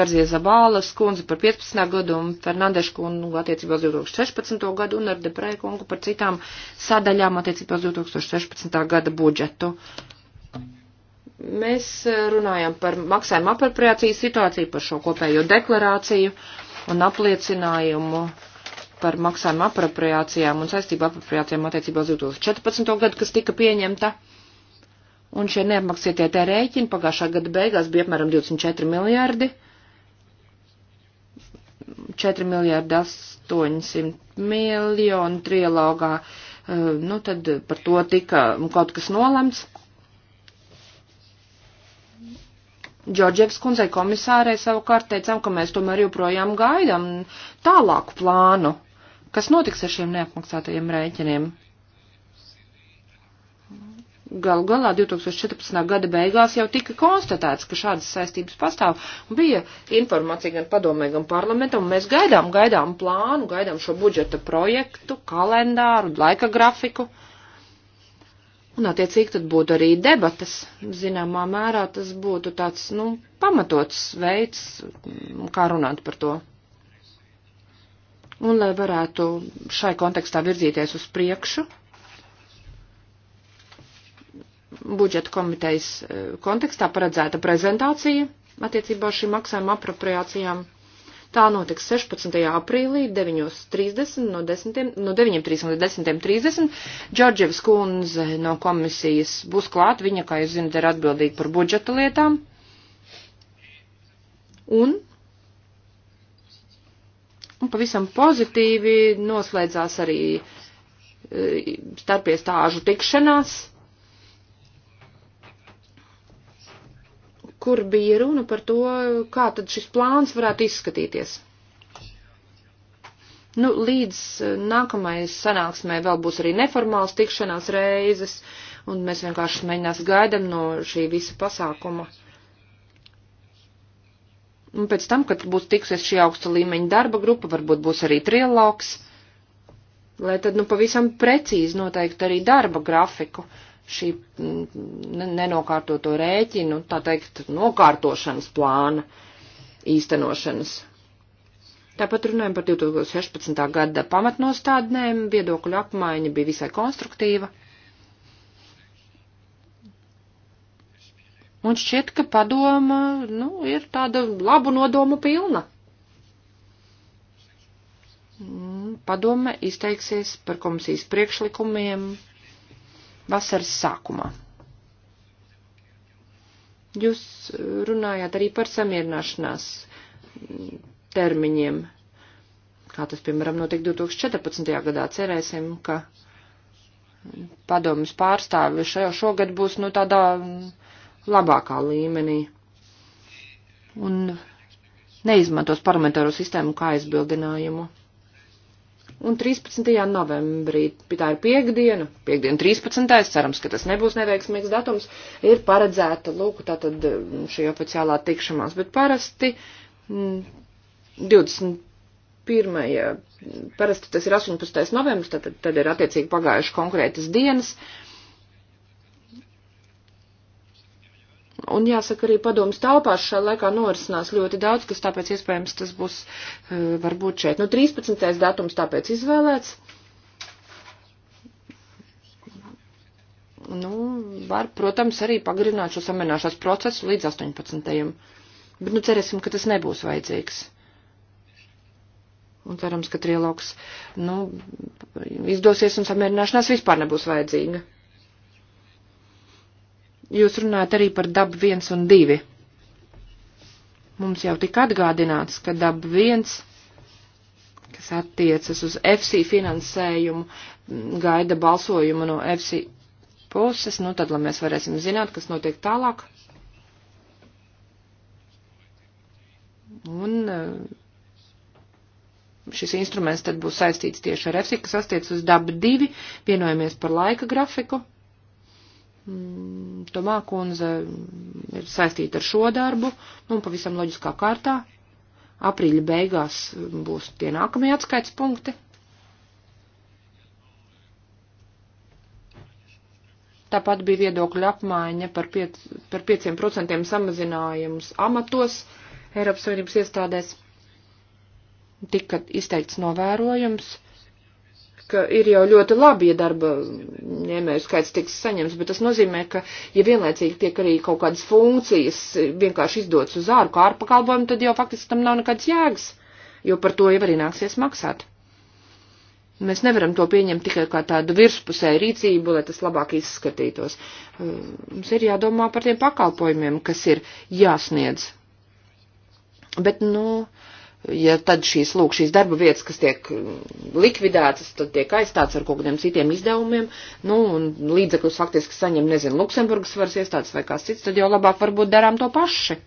Speaker 2: Garzie Zabālas kundzi par 15. gadu un Fernandešu kundu attiecībā uz 2016. gadu un ar Deprē kungu par citām sadaļām attiecībā uz 2016. gada budžetu. Uh, Mēs eh, runājam par maksājuma apropriācijas situāciju, par šo kopējo deklarāciju un apliecinājumu par maksājuma apropriācijām un saistību apropriācijām attiecībā uz 2014. gadu, kas tika pieņemta. Un šie neapmaksātie tie rēķini pagājušā gada beigās bija apmēram 24 miljārdi. 4 miljārdi 800 miljonu trialogā. Eh, nu, tad par to tika kaut kas nolemts. Džordževs kundzei komisārei savukārt teicām, ka mēs tomēr joprojām gaidām tālāku plānu, kas notiks ar šiem neapmaksātajiem rēķiniem. Galu galā 2014. gada beigās jau tika konstatēts, ka šādas saistības pastāv. Bija informācija gan padomē, gan parlamentam, un mēs gaidām, gaidām plānu, gaidām šo budžeta projektu, kalendāru, laika grafiku. Uh, Un, attiecīgi, tad būtu arī debatas. Zināmā mērā tas būtu tāds, nu, pamatots veids, mm, kā runāt par to. Un, lai varētu šai kontekstā virzīties uz priekšu, budžeta komitejas eh, kontekstā paredzēta prezentācija attiecībā uz šīm maksājuma apropriācijām Tā notiks 16. aprīlī 9.30 no, 10, no 9.30 līdz 10.30. Džordževs kundze no komisijas būs klāt, viņa, kā jūs zinat, ir atbildīga par budžeta lietām. Un, un pavisam pozitīvi noslēdzās arī e, starpiestāžu tikšanās kur bija runa par to, kā tad šis plāns varētu izskatīties. Nu, līdz e, nākamajai sanāksmē vēl būs arī neformāls tikšanās reizes, un mēs vienkārši mēģinās gaidam no šī visa pasākuma. Un pēc tam, kad būs tikusies šī augsta līmeņa darba grupa, varbūt būs arī trialogs, lai tad, nu, pavisam precīzi noteikti arī darba grafiku. Uh, šī mm, nenokārtoto rēķinu, tā teikt, nokārtošanas plāna īstenošanas. Tāpat runājam par 2016. gada pamatnostādnēm, viedokļu apmaiņa bija visai konstruktīva. Un šķiet, ka padoma, nu, ir tāda labu nodomu pilna. Mm, padome izteiksies par komisijas priekšlikumiem vasaras sākumā. Jūs runājāt arī par samierināšanās termiņiem, kā tas, piemēram, notiek 2014. gadā. Cerēsim, ka padomus pārstāvi šajā šogad būs nu tādā labākā līmenī un neizmantos parlamentāro sistēmu kā aizbildinājumu un 13. novembrī, tā ir piekdiena, piekdiena 13. cerams, ka tas nebūs neveiksmīgs datums, ir paredzēta, lūk, tātad mm, šī oficiālā tikšanās, bet parasti 21. Mm, parasti tas ir 18. novembris, tad, tad ir attiecīgi pagājuši konkrētas dienas. Uh, Un jāsaka, arī padomus telpās šajā laikā norisinās ļoti daudz, kas tāpēc iespējams tas būs e, varbūt šeit. Nu, 13. datums tāpēc izvēlēts. Nu, var, protams, arī pagarināt šo samierināšanās procesu līdz 18. Bet, nu, cerēsim, ka tas nebūs vajadzīgs. Un cerams, ka trilogs, nu, izdosies un samierināšanās vispār nebūs vajadzīga. Jūs runājat arī par dabu viens un divi. Mums jau tika atgādināts, ka daba viens, kas attiecas uz FC finansējumu, gaida balsojumu no FC puses, nu tad, lai mēs varēsim zināt, kas notiek tālāk. Un eh, šis instruments tad būs saistīts tieši ar EFSI, kas attiec uz dabu divi, vienojamies par laika grafiku. Mm, Tomā kundze ir saistīta ar šo darbu, nu, pavisam loģiskā kārtā. Aprīļa beigās būs tie nākamie atskaits punkti. Tāpat bija viedokļa apmaiņa par, piec, par 5% samazinājumus amatos Eiropas Savienības iestādēs. Tika izteikts novērojums ka ir jau ļoti labi, ja darba ņēmēju skaits tiks saņemts, bet tas nozīmē, ka, ja vienlaicīgi tiek arī kaut kādas funkcijas vienkārši izdotas uz ārku ārpakalpojumu, tad jau faktiski tam nav nekāds jēgas, jo par to jau arī nāksies maksāt. Mēs nevaram to pieņemt tikai kā tādu virspusēju rīcību, lai tas labāk izskatītos. Mums ir jādomā par tiem pakalpojumiem, kas ir jāsniedz. Bet, nu, uh, ja tad šīs, lūk, šīs darba vietas, kas tiek mm, likvidētas, tad tiek aizstāts ar kaut kādiem citiem izdevumiem, nu, un līdzekļus faktiski saņem, nezinu, Luksemburgas varas iestādes vai kāds cits, tad jau labāk varbūt darām to paši.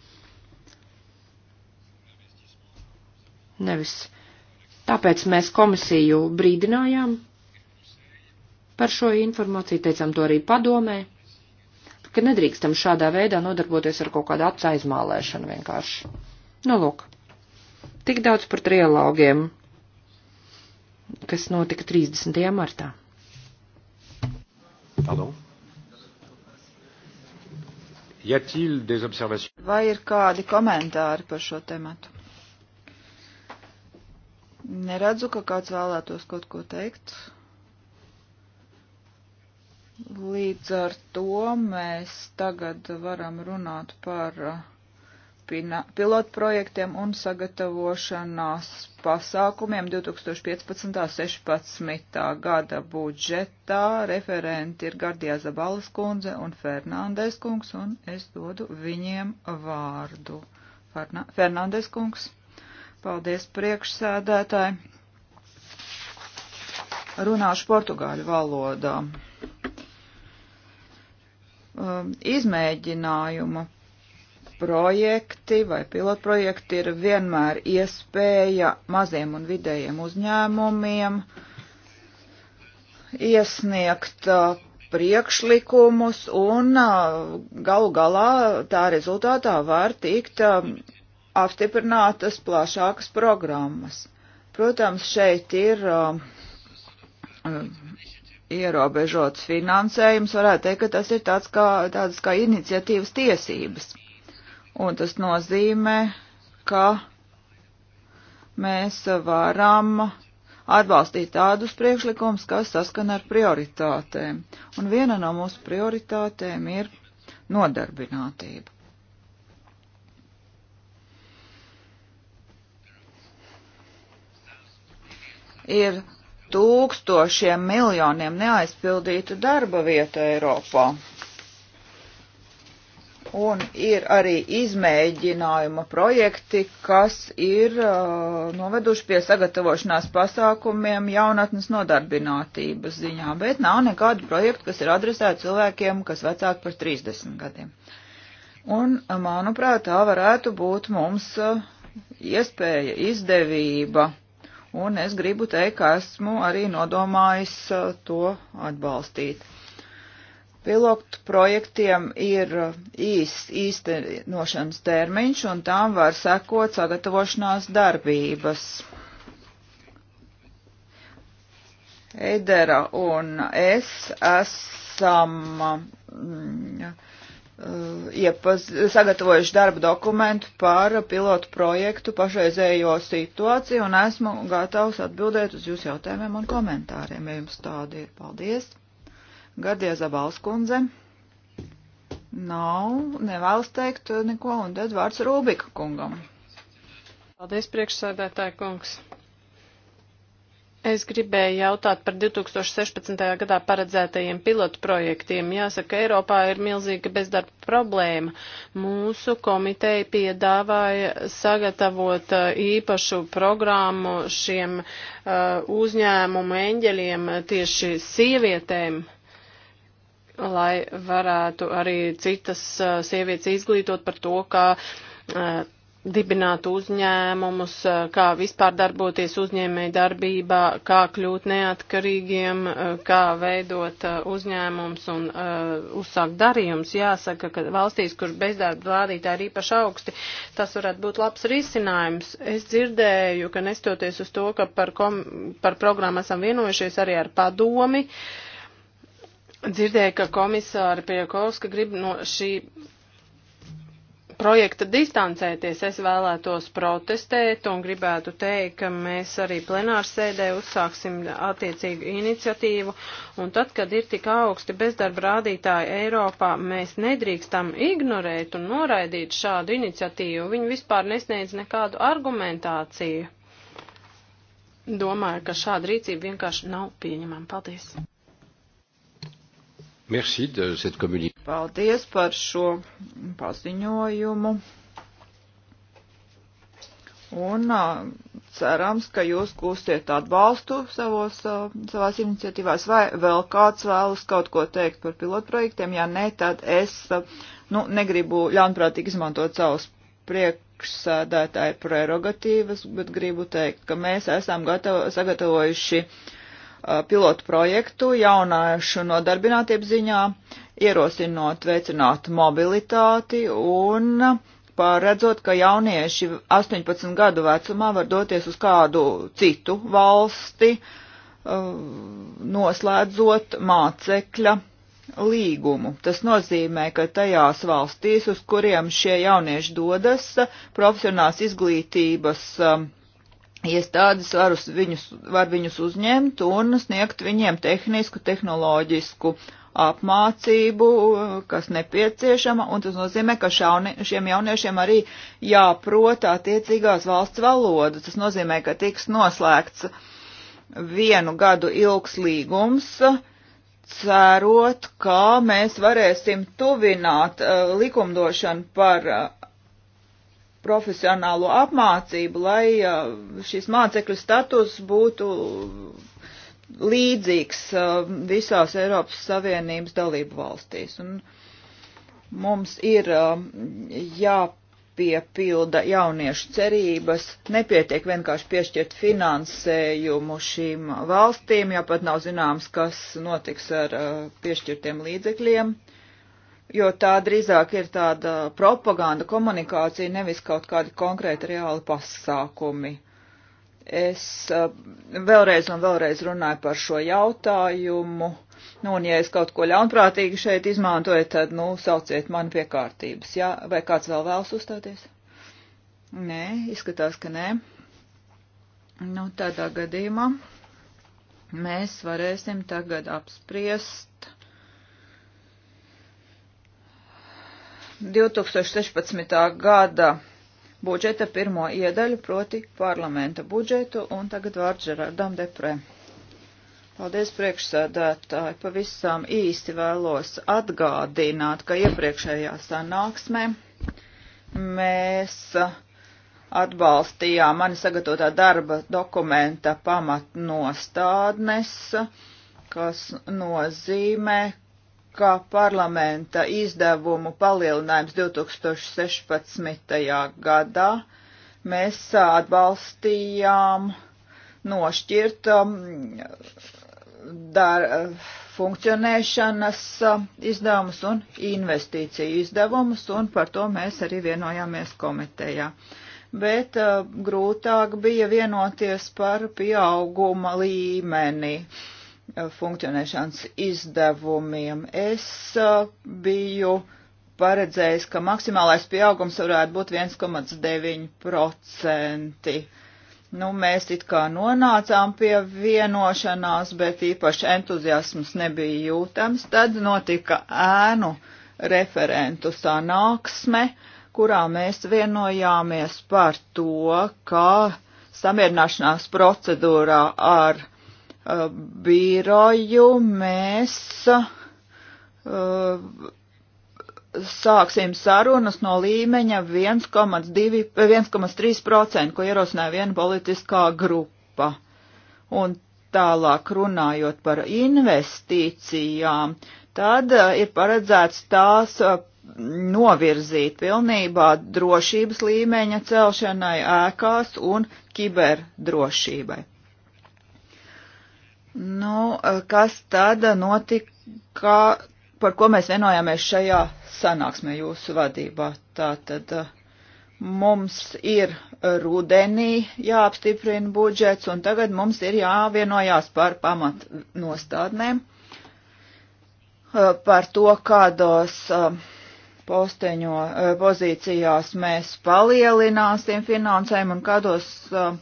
Speaker 2: Nevis. Tāpēc mēs komisiju brīdinājām par šo informāciju, teicām to arī padomē, ka nedrīkstam šādā veidā nodarboties ar kaut kādu acu aizmālēšanu vienkārši. Nu, lūk. Tik daudz par trialogiem, kas notika
Speaker 1: 30. martā. Pardon? Vai ir kādi komentāri par šo tematu? Neredzu, ka kāds vēlētos kaut ko teikt. Līdz ar to mēs tagad varam runāt par uh, pilotprojektiem un sagatavošanās pasākumiem 2015.16. gada budžetā. Referenti ir Gardijā Zabalas kundze un Fernandes kungs, un es dodu viņiem vārdu. Fernandes kungs, paldies priekšsēdētāji. Runāšu portugāļu valodā. Um, izmēģinājuma projekti vai pilotprojekti ir vienmēr iespēja maziem un vidējiem uzņēmumiem iesniegt uh, priekšlikumus un uh, galu galā tā rezultātā var tikt um, apstiprinātas plašākas programmas. Protams, šeit ir um, um, ierobežots finansējums, varētu teikt, ka tas ir tāds kā, tādas kā iniciatīvas tiesības. Un tas nozīmē, ka mēs varam atbalstīt tādus priekšlikumus, kas saskana ar prioritātēm. Un viena no mūsu prioritātēm ir nodarbinātība. Ir tūkstošiem miljoniem neaizpildītu darba vietu Eiropā. Un ir arī izmēģinājuma projekti, kas ir uh, noveduši pie sagatavošanās pasākumiem jaunatnes nodarbinātības ziņā, bet nav nekādu projektu, kas ir adresēti cilvēkiem, kas vecāki par 30 gadiem. Un, uh, manuprāt, tā varētu būt mums uh, iespēja, izdevība, un es gribu teikt, ka esmu arī nodomājis uh, to atbalstīt. Pilotu projektiem ir īsts īstenošanas termiņš, un tām var sekot sagatavošanās darbības. Edera un es esam mm, uh, iepaz, sagatavojuši darba dokumentu par pilotu projektu pašreizējo situāciju, un esmu gatavs atbildēt uz jūsu jautājumiem un komentāriem, ja jums tādi ir. Paldies! Gardie Zabalskundze. Nav, nevēlas teikt neko, un tad vārds Rūbika kungam. Paldies, priekšsēdētāji kungs. Es gribēju
Speaker 3: jautāt par 2016. gadā paredzētajiem pilotu projektiem. Jāsaka, Eiropā ir milzīga bezdarba problēma. Mūsu komiteja piedāvāja sagatavot uh, īpašu programmu šiem uh, uzņēmumu eņģeļiem uh, tieši sievietēm lai varētu arī citas uh, sievietes izglītot par to, kā uh, dibināt uzņēmumus, uh, kā vispār darboties uzņēmēji darbībā, kā kļūt neatkarīgiem, kā veidot uzņēmums un uzsākt darījums. Jāsaka, ka valstīs, kur bezdarba rādītāji ir īpaši augsti, tas varētu būt labs risinājums. Es dzirdēju, ka nestoties uz to, ka par, kom, par programmu esam vienojušies arī ar padomi, uh, Dzirdēju, ka komisāra Piekovska grib no šī projekta distancēties. Es vēlētos protestēt un gribētu teikt, ka mēs arī plenārsēdē uzsāksim attiecīgu iniciatīvu. Un tad, kad ir tik augsti bezdarba rādītāji Eiropā, mēs nedrīkstam ignorēt un noraidīt šādu iniciatīvu. Viņi vispār nesniedz nekādu argumentāciju. Domāju, ka šāda rīcība vienkārši
Speaker 1: nav pieņemama. Paldies!
Speaker 3: Merci de cette communication.
Speaker 1: Paldies par šo paziņojumu. Un cerams, ka jūs kūstiet atbalstu savos, savās iniciatīvās, vai vēl kāds vēlas kaut ko teikt par pilotprojektiem. Ja nē, tad es nu, negribu ļaunprātīgi izmantot savus priekšsēdētāju prerogatīvas, bet gribu teikt, ka mēs esam gatavo, sagatavojuši uh, Uh, pilotu projektu jaunāšu nodarbinātību ziņā, ierosinot veicināt mobilitāti un pārredzot, ka jaunieši 18 gadu vecumā var doties uz kādu citu valsti, uh, noslēdzot mācekļa līgumu. Tas nozīmē, ka tajās valstīs, uz kuriem šie jaunieši dodas, profesionālās izglītības uh, iestādes var, uz viņus, var viņus uzņemt un sniegt viņiem tehnisku, tehnoloģisku apmācību, kas nepieciešama, un tas nozīmē, ka šauni, šiem jauniešiem arī jāprot attiecīgās valsts valoda. Tas nozīmē, ka tiks noslēgts vienu gadu ilgs līgums, cerot, ka mēs varēsim tuvināt uh, likumdošanu par uh, profesionālo apmācību, lai uh, šis mācekļu status būtu līdzīgs uh, visās Eiropas Savienības dalību valstīs. Un mums ir uh, jāpiepilda jauniešu cerības, nepietiek vienkārši piešķirt finansējumu šīm valstīm, ja pat nav zināms, kas notiks ar piešķirtiem līdzekļiem. Uh, jo tā drīzāk ir tāda propaganda, komunikācija, nevis kaut kādi konkrēti reāli pasākumi. Es eh, vēlreiz un vēlreiz runāju par šo jautājumu. Nu, un ja es kaut ko ļaunprātīgi šeit izmantoju, tad, nu, sauciet mani pie kārtības. Jā, vai kāds vēl vēlas uzstāties? Nē, izskatās, ka nē. Nu, tādā gadījumā mēs varēsim tagad apspriest 2016. gada budžeta pirmo iedaļu, proti parlamenta budžetu, un tagad vārds Žerardam Deprē. Paldies priekšsēdētāji. Pavisam īsti vēlos atgādināt, ka iepriekšējā sanāksmē mēs atbalstījām mani sagatavotā darba dokumenta pamatnostādnes, kas nozīmē, ka parlamenta izdevumu palielinājums 2016. gadā mēs atbalstījām nošķirt dar, funkcionēšanas izdevumus un investīciju izdevumus, un par to mēs arī vienojāmies komitejā. Bet grūtāk bija vienoties par pieauguma līmeni. Uh, funkcionēšanas izdevumiem. Es uh, biju paredzējis, ka maksimālais pieaugums varētu būt 1,9%. Nu, mēs it kā nonācām pie vienošanās, bet īpaši entuziasms nebija jūtams. Tad notika ēnu referentu sanāksme, kurā mēs vienojāmies par to, ka samierināšanās procedūrā ar Uh, biroju mēs uh, sāksim sarunas no līmeņa 1,3%, eh, ko ierosināja viena politiskā grupa. Un tālāk runājot par investīcijām, tad eh, ir paredzēts tās eh, novirzīt pilnībā drošības līmeņa celšanai ēkās un kiberdrošībai. Nu, eh, kas tad notika, par ko mēs vienojāmies šajā sanāksmē jūsu vadībā? Tātad eh, mums ir rudenī jāapstiprina budžets, un tagad mums ir jāvienojās par pamat nostādnēm, eh, par to, kādos posteņo pozīcijās mēs palielināsim finansējumu un kādos uh,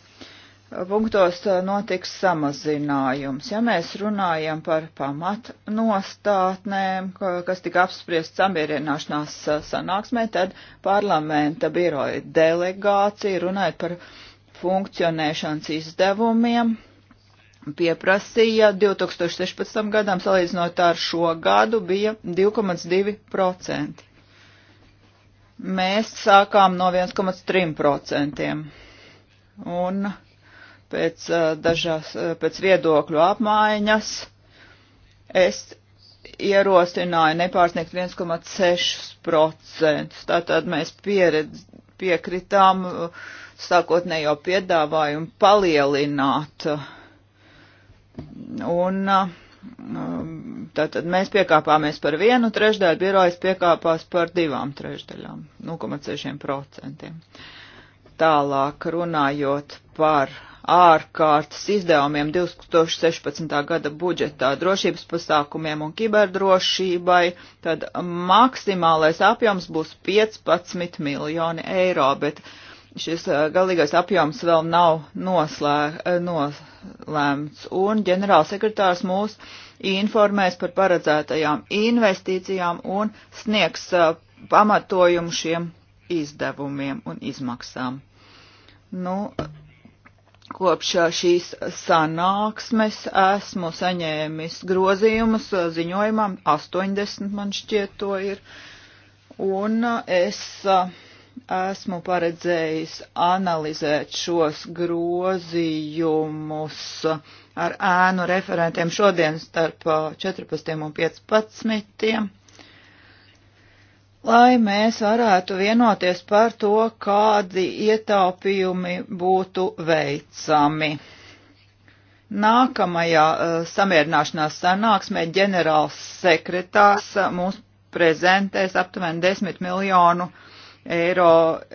Speaker 1: punktos notiks samazinājums. Ja mēs runājam par pamat nostātnēm, kas tika apspriests samierināšanās sanāksmē, tad parlamenta biroja delegācija runājot par funkcionēšanas izdevumiem pieprasīja 2016. gadam, salīdzinot ar šo gadu, bija 2,2%. Mēs sākām no 1,3%. Un uh, pēc eh, dažās, eh, pēc viedokļu apmaiņas es ierosināju nepārsniegt 1,6%. Tātad mēs pieredz, piekritām eh, sākotnējo piedāvājumu palielināt. Un tātad mēs piekāpāmies par vienu trešdaļu, birojas piekāpās par divām trešdaļām, 0,6%. Tālāk runājot par ārkārtas izdevumiem 2016. gada budžetā drošības pasākumiem un kiberdrošībai, tad maksimālais apjoms būs 15 miljoni eiro, bet šis eh, galīgais apjoms vēl nav noslē, eh, noslēmts. Un ģenerālsekretārs mūs informēs par paredzētajām investīcijām un sniegs eh, pamatojumu šiem izdevumiem un izmaksām. Nu, Kopš šīs sanāksmes esmu saņēmis grozījumus ziņojumam, 80 man šķiet to ir, un es esmu paredzējis analizēt šos grozījumus ar ēnu referentiem šodien starp 14 un 15 lai mēs varētu vienoties par to, kādi ietaupījumi būtu veicami. Nākamajā uh, samierināšanās sanāksmē ģenerāls sekretārs eh, mums prezentēs aptuveni 10 miljonu eiro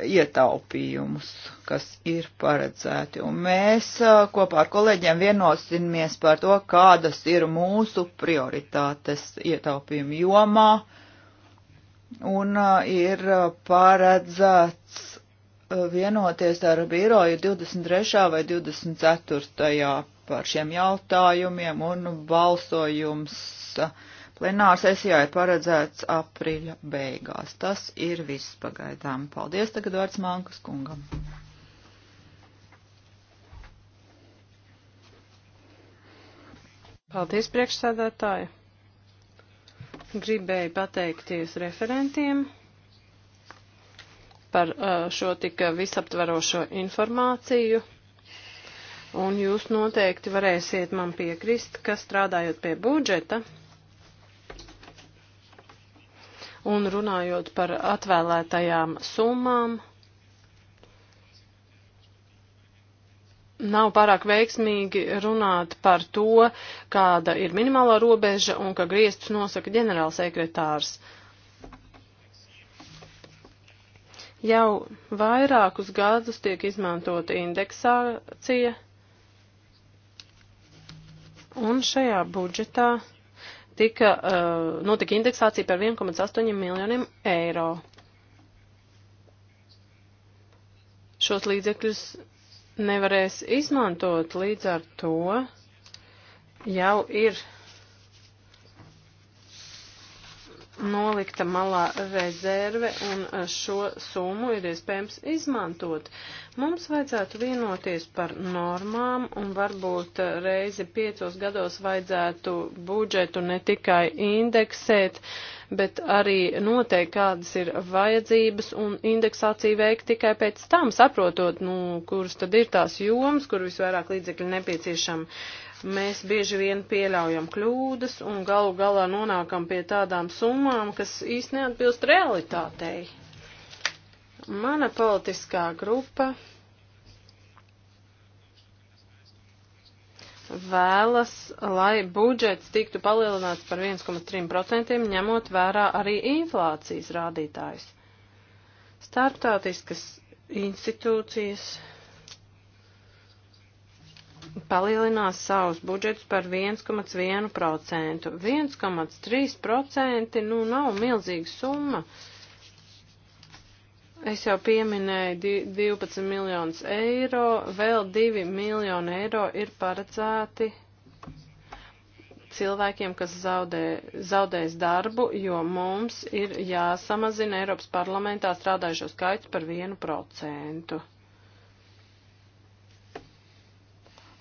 Speaker 1: ietaupījumus, kas ir paredzēti. Un mēs uh, kopā ar kolēģiem vienosimies par to, kādas ir mūsu prioritātes ietaupījumu jomā. Uh, un uh, ir uh, paredzēts uh, vienoties ar biroju 23. vai 24. par šiem jautājumiem un balsojums plenāra sesijā ir paredzēts aprīļa beigās. Tas ir viss pagaidām. Paldies tagad vārds Mankas kungam.
Speaker 3: Paldies, priekšsēdētāji! Gribēju pateikties referentiem par uh, šo tik visaptvarošo informāciju. Un jūs noteikti varēsiet man piekrist, ka strādājot pie budžeta un runājot par atvēlētajām summām, nav pārāk veiksmīgi runāt par to, kāda ir minimālā robeža un ka griestus nosaka ģenerālsekretārs. Jau vairākus gadus tiek izmantota indeksācija, un šajā budžetā tika, uh, notika indeksācija par 1,8 miljoniem eiro. Šos līdzekļus nevarēs izmantot līdz ar to jau ir nolikta malā rezerve un eh, šo summu ir iespējams izmantot. Mums vajadzētu vienoties par normām un varbūt eh, reizi piecos gados vajadzētu budžetu ne tikai indeksēt, bet arī noteikt, kādas ir vajadzības un indeksāciju veikt tikai pēc tam, saprotot, nu, kuras tad ir tās jomas, kur visvairāk līdzekļu nepieciešama mēs bieži vien pieļaujam kļūdas un galu galā nonākam pie tādām summām, kas īsti neatbilst realitātei. Mana politiskā grupa vēlas, lai budžets tiktu palielināts par 1,3%, ņemot vērā arī inflācijas rādītājus. Starptautiskas institūcijas palielinās savus budžetus par 1,1%. 1,3% nu nav milzīga summa. Es jau pieminēju 12 miljonus eiro, vēl 2 miljoni eiro ir paredzēti cilvēkiem, kas zaudē, zaudēs darbu, jo mums ir jāsamazina Eiropas parlamentā strādājušo skaits par 1%.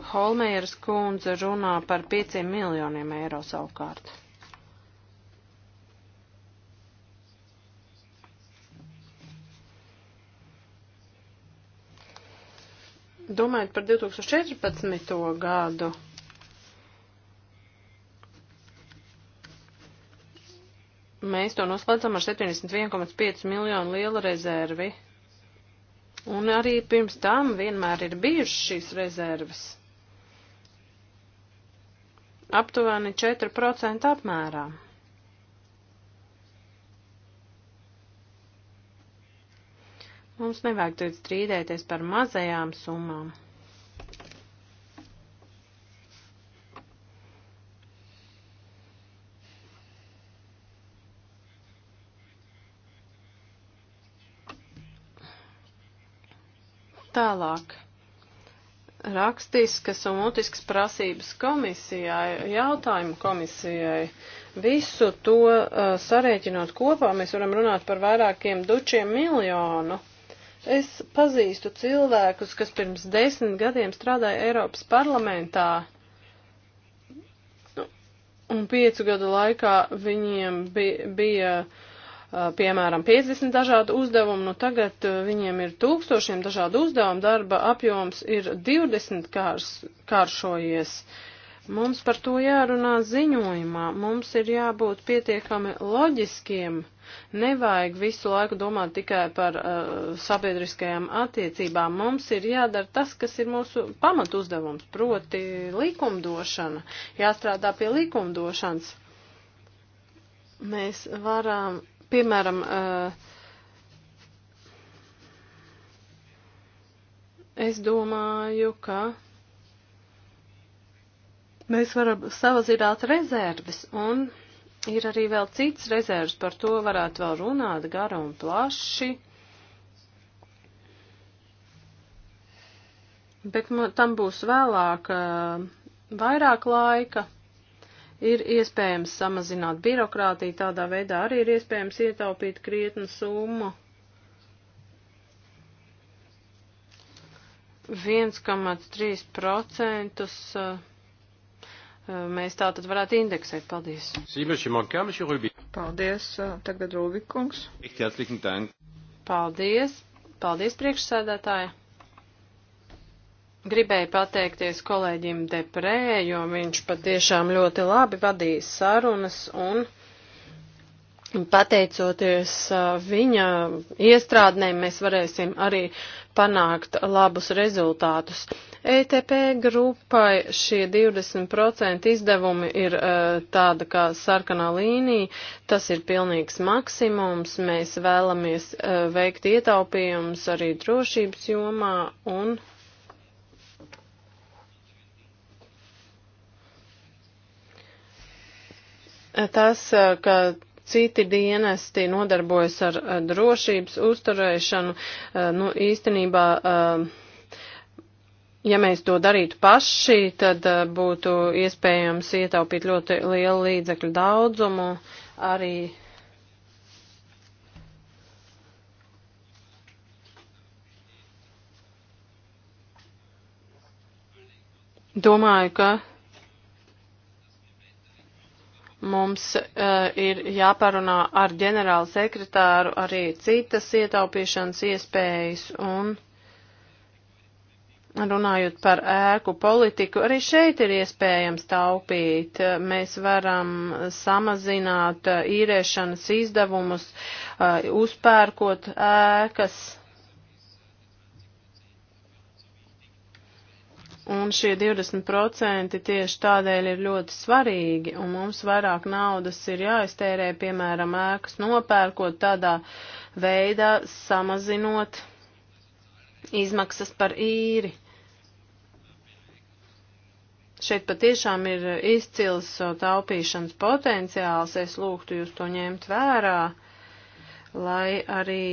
Speaker 3: Holmēras kundze runā par 5 miljoniem eiro savukārt. Domājot par 2014. gadu, mēs to noslēdzam ar 71,5 miljonu lielu rezervi. Un arī pirms tam vienmēr ir bijušas šīs rezerves aptuveni 4% apmērā. Mums nevajag tagad strīdēties par mazajām summām. Tālāk rakstiskas un mutiskas prasības komisijai, jautājumu komisijai. Visu to uh, sarēķinot kopā, mēs varam runāt par vairākiem dučiem miljonu. Es pazīstu cilvēkus, kas pirms desmit gadiem strādāja Eiropas parlamentā, nu, un piecu gadu laikā viņiem bija, bija uh, piemēram, 50 dažādu uzdevumu, nu tagad viņiem ir tūkstošiem dažādu uzdevumu, darba apjoms ir 20 kārs, kāršojies. Mums par to jārunā ziņojumā, mums ir jābūt pietiekami loģiskiem, nevajag visu laiku domāt tikai par uh, sabiedriskajām attiecībām, mums ir jādara tas, kas ir mūsu pamat uzdevums, proti likumdošana, jāstrādā pie likumdošanas. Mēs varam Piemēram, eh, es domāju, ka mēs varam savazināt rezerves, un ir arī vēl cits rezerves, par to varētu vēl runāt gara un plaši. Bet tam būs vēlāk eh, vairāk laika ir iespējams samazināt birokrātiju, tādā veidā arī ir iespējams ietaupīt krietnu summu. 1,3% eh, eh, mēs tā tad varētu indeksēt. Paldies. Paldies, eh, tagad Rūvikungs. Paldies, paldies priekšsēdētāji. Gribēju pateikties kolēģim Deprē, jo viņš patiešām ļoti labi vadīja sarunas un pateicoties uh, viņa iestrādnēm mēs varēsim arī panākt labus rezultātus. ETP grupai šie 20% izdevumi ir uh, tāda kā sarkanā līnija, tas ir pilnīgs maksimums, mēs vēlamies uh, veikt ietaupījumus arī drošības jomā un tas, ka citi dienesti nodarbojas ar drošības uzturēšanu, nu, īstenībā, ja mēs to darītu paši, tad būtu iespējams ietaupīt ļoti lielu līdzekļu daudzumu arī domāju, ka Mums uh, ir jāparunā ar ģenerālu sekretāru arī citas ietaupīšanas iespējas un runājot par ēku politiku, arī šeit ir iespējams taupīt. Mēs varam samazināt eh, īrēšanas izdevumus, eh, uzpērkot ēkas. Un šie 20% tieši tādēļ ir ļoti svarīgi, un mums vairāk naudas ir jāiztērē, piemēram, ēkas nopērkot tādā veidā, samazinot izmaksas par īri. Šeit patiešām ir izcils taupīšanas potenciāls, es lūgtu jūs to ņemt vērā, lai arī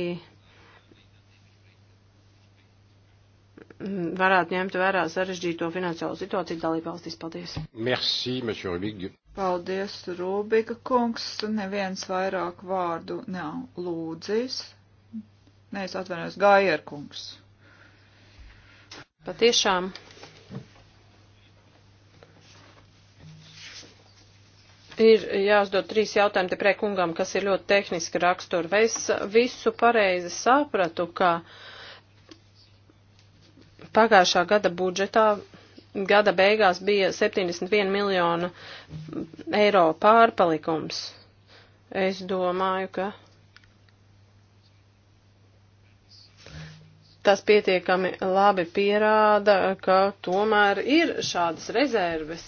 Speaker 1: Mm, varētu ņemt vērā sarežģīto finansiālo situāciju dalībvalstīs. Paldies.
Speaker 3: Merci, monsieur Rubig.
Speaker 1: Paldies, Rubika kungs. Neviens vairāk vārdu nav lūdzis. Nē, es atvainojos, Gājer kungs. Patiešām.
Speaker 3: Ir jāuzdod trīs jautājumi te prekungam, kas ir ļoti tehniski rakstura. Vai es visu pareizi sapratu, ka. Uh, Pagājušā gada budžetā gada beigās bija 71 miljonu eiro pārpalikums. Es domāju, ka tas pietiekami labi pierāda, ka tomēr ir šādas rezerves,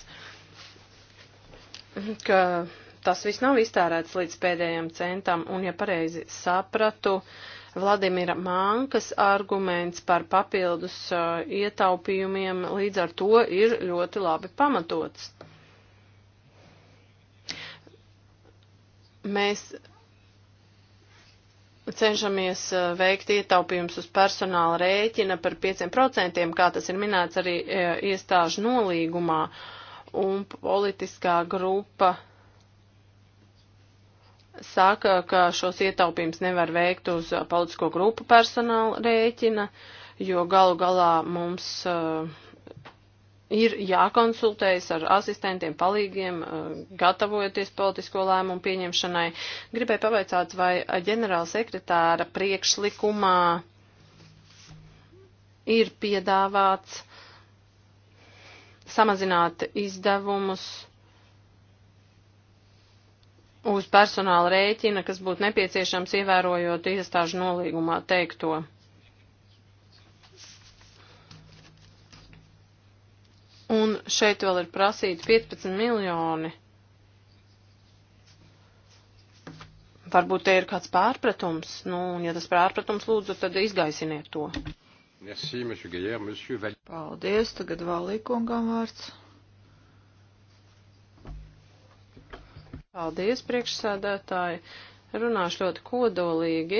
Speaker 3: ka tas viss nav iztērēts līdz pēdējiem centam, un ja pareizi sapratu, uh, Vladimira Mankas arguments par papildus uh, ietaupījumiem līdz ar to ir ļoti labi pamatots. Mēs cenšamies uh, veikt ietaupījumus uz personāla rēķina par 5%, kā tas ir minēts arī uh, iestāžu nolīgumā, un politiskā grupa uh, saka, ka šos ietaupījums nevar veikt uz uh, politisko grupu personāla rēķina, jo galu galā mums uh, ir jākonsultējas ar asistentiem, palīgiem, uh, gatavojoties politisko lēmumu pieņemšanai. Gribēju pavaicāt, vai ģenerāla sekretāra priekšlikumā ir piedāvāts samazināt izdevumus uz personāla rēķina, kas būtu nepieciešams ievērojot iestāžu nolīgumā teikto. Un šeit vēl ir prasīti 15 miljoni. Varbūt te ir kāds pārpratums, nu, un ja tas pārpratums lūdzu, tad izgaisiniet to. Merci, monsieur Gaillard, monsieur Val... Paldies, tagad Valīkungam vārds. Paldies, priekšsēdētāji. Runāšu ļoti kodolīgi.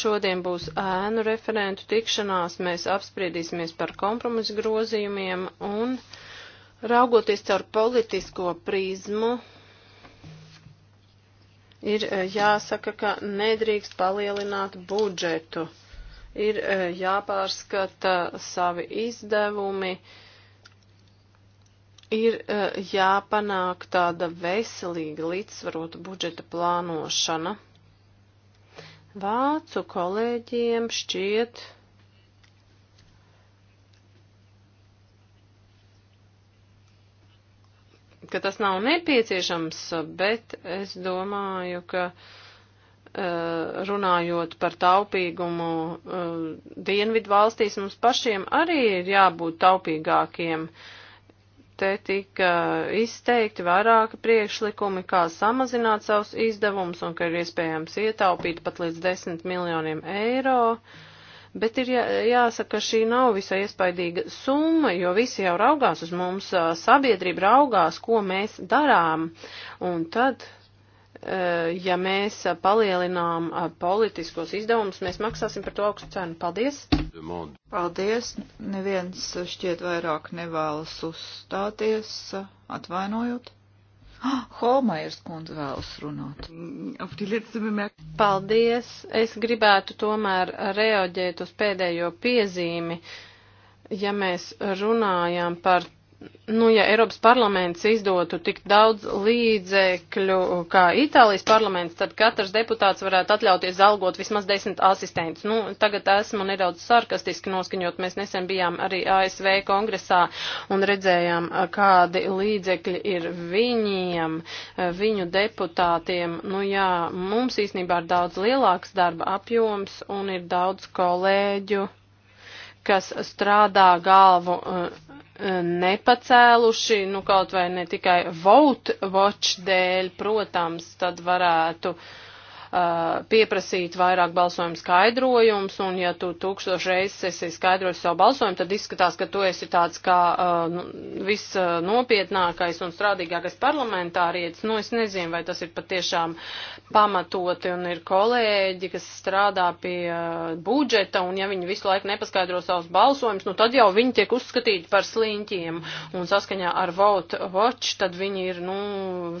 Speaker 3: Šodien būs ēnu referentu tikšanās, mēs apspriedīsimies par kompromisu grozījumiem un raugoties caur politisko prizmu, ir e, jāsaka, ka nedrīkst palielināt budžetu, ir e, jāpārskata savi izdevumi, uh, ir uh, jāpanāk tāda veselīga līdzsvarota budžeta plānošana. Vācu kolēģiem šķiet, ka tas nav nepieciešams, bet es domāju, ka eh, runājot par taupīgumu eh, dienvidu valstīs, mums pašiem arī ir jābūt taupīgākiem. Uh, te tika izteikti vairāki priekšlikumi, kā samazināt savus izdevumus un ka ir iespējams ietaupīt pat līdz 10 miljoniem eiro. Bet ir jā, jāsaka, ka šī nav visai iespaidīga summa, jo visi jau raugās uz mums, sabiedrība raugās, ko mēs darām. Un tad Eh, ja mēs palielinām eh, politiskos izdevumus, mēs maksāsim par to augstu cenu. Paldies!
Speaker 1: Paldies! Neviens eh, šķiet vairāk nevēlas uzstāties, atvainojot. Ah, Holmairs kundze vēlas runāt.
Speaker 3: Paldies! Es gribētu tomēr reaģēt uz pēdējo piezīmi. Ja mēs runājam par Nu, ja Eiropas parlaments izdotu tik daudz līdzekļu kā Itālijas parlaments, tad katrs deputāts varētu atļauties algot vismaz desmit asistentus. Nu, tagad esmu nedaudz sarkastiski noskaņot. Mēs nesen bijām arī ASV kongresā un redzējām, kādi līdzekļi ir viņiem, viņu deputātiem. Nu, jā, mums īstenībā ir daudz lielāks darba apjoms un ir daudz kolēģu kas strādā galvu uh, nepacēluši, nu kaut vai ne tikai vote watch dēļ, protams, tad varētu uh, Uh, pieprasīt vairāk balsojumu skaidrojums, un ja tu tūkstoš reizes esi skaidrojis savu balsojumu, tad izskatās, ka tu esi tāds kā uh, nu, visnopietnākais un strādīgākais parlamentārietis. Nu, es nezinu, vai tas ir patiešām pamatoti, un ir kolēģi, kas strādā pie uh, budžeta, un ja viņi visu laiku nepaskaidro savus balsojumus, nu tad jau viņi tiek uzskatīti par sliņķiem, un saskaņā ar Vote Watch, tad viņi ir, nu,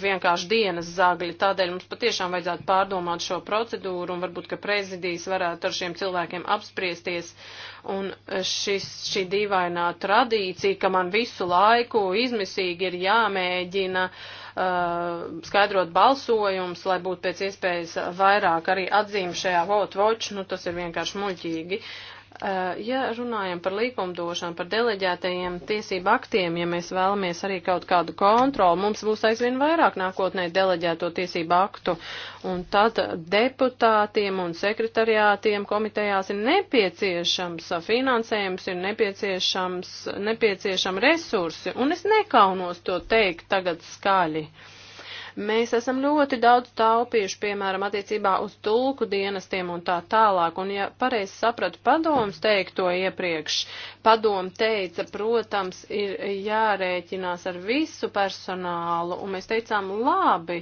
Speaker 3: vienkārši dienas zagļi. Tādēļ mums patiešām vajadzētu pārdomāt šo procedūru un varbūt, ka prezidijas varētu ar šiem cilvēkiem apspriesties. Un šis, šī dīvainā tradīcija, ka man visu laiku izmisīgi ir jāmēģina uh, skaidrot balsojums, lai būtu pēc iespējas vairāk arī atzīme šajā vote watch, nu tas ir vienkārši muļķīgi. Uh, Eh, ja runājam par likumdošanu, par deleģētajiem tiesību aktiem, ja mēs vēlamies arī kaut kādu kontroli, mums būs aizvien vairāk nākotnē deleģēto tiesību aktu, un tad deputātiem un sekretariātiem komitejās ir nepieciešams finansējums, ir nepieciešams, nepieciešami resursi, un es nekaunos to teikt tagad skaļi. Uh, Mēs esam ļoti daudz taupījuši, piemēram, attiecībā uz tulku dienestiem un tā tālāk. Un, ja pareizi sapratu padomus teikto iepriekš, Padom teica, protams, ir jārēķinās ar visu personālu, un mēs teicām, labi,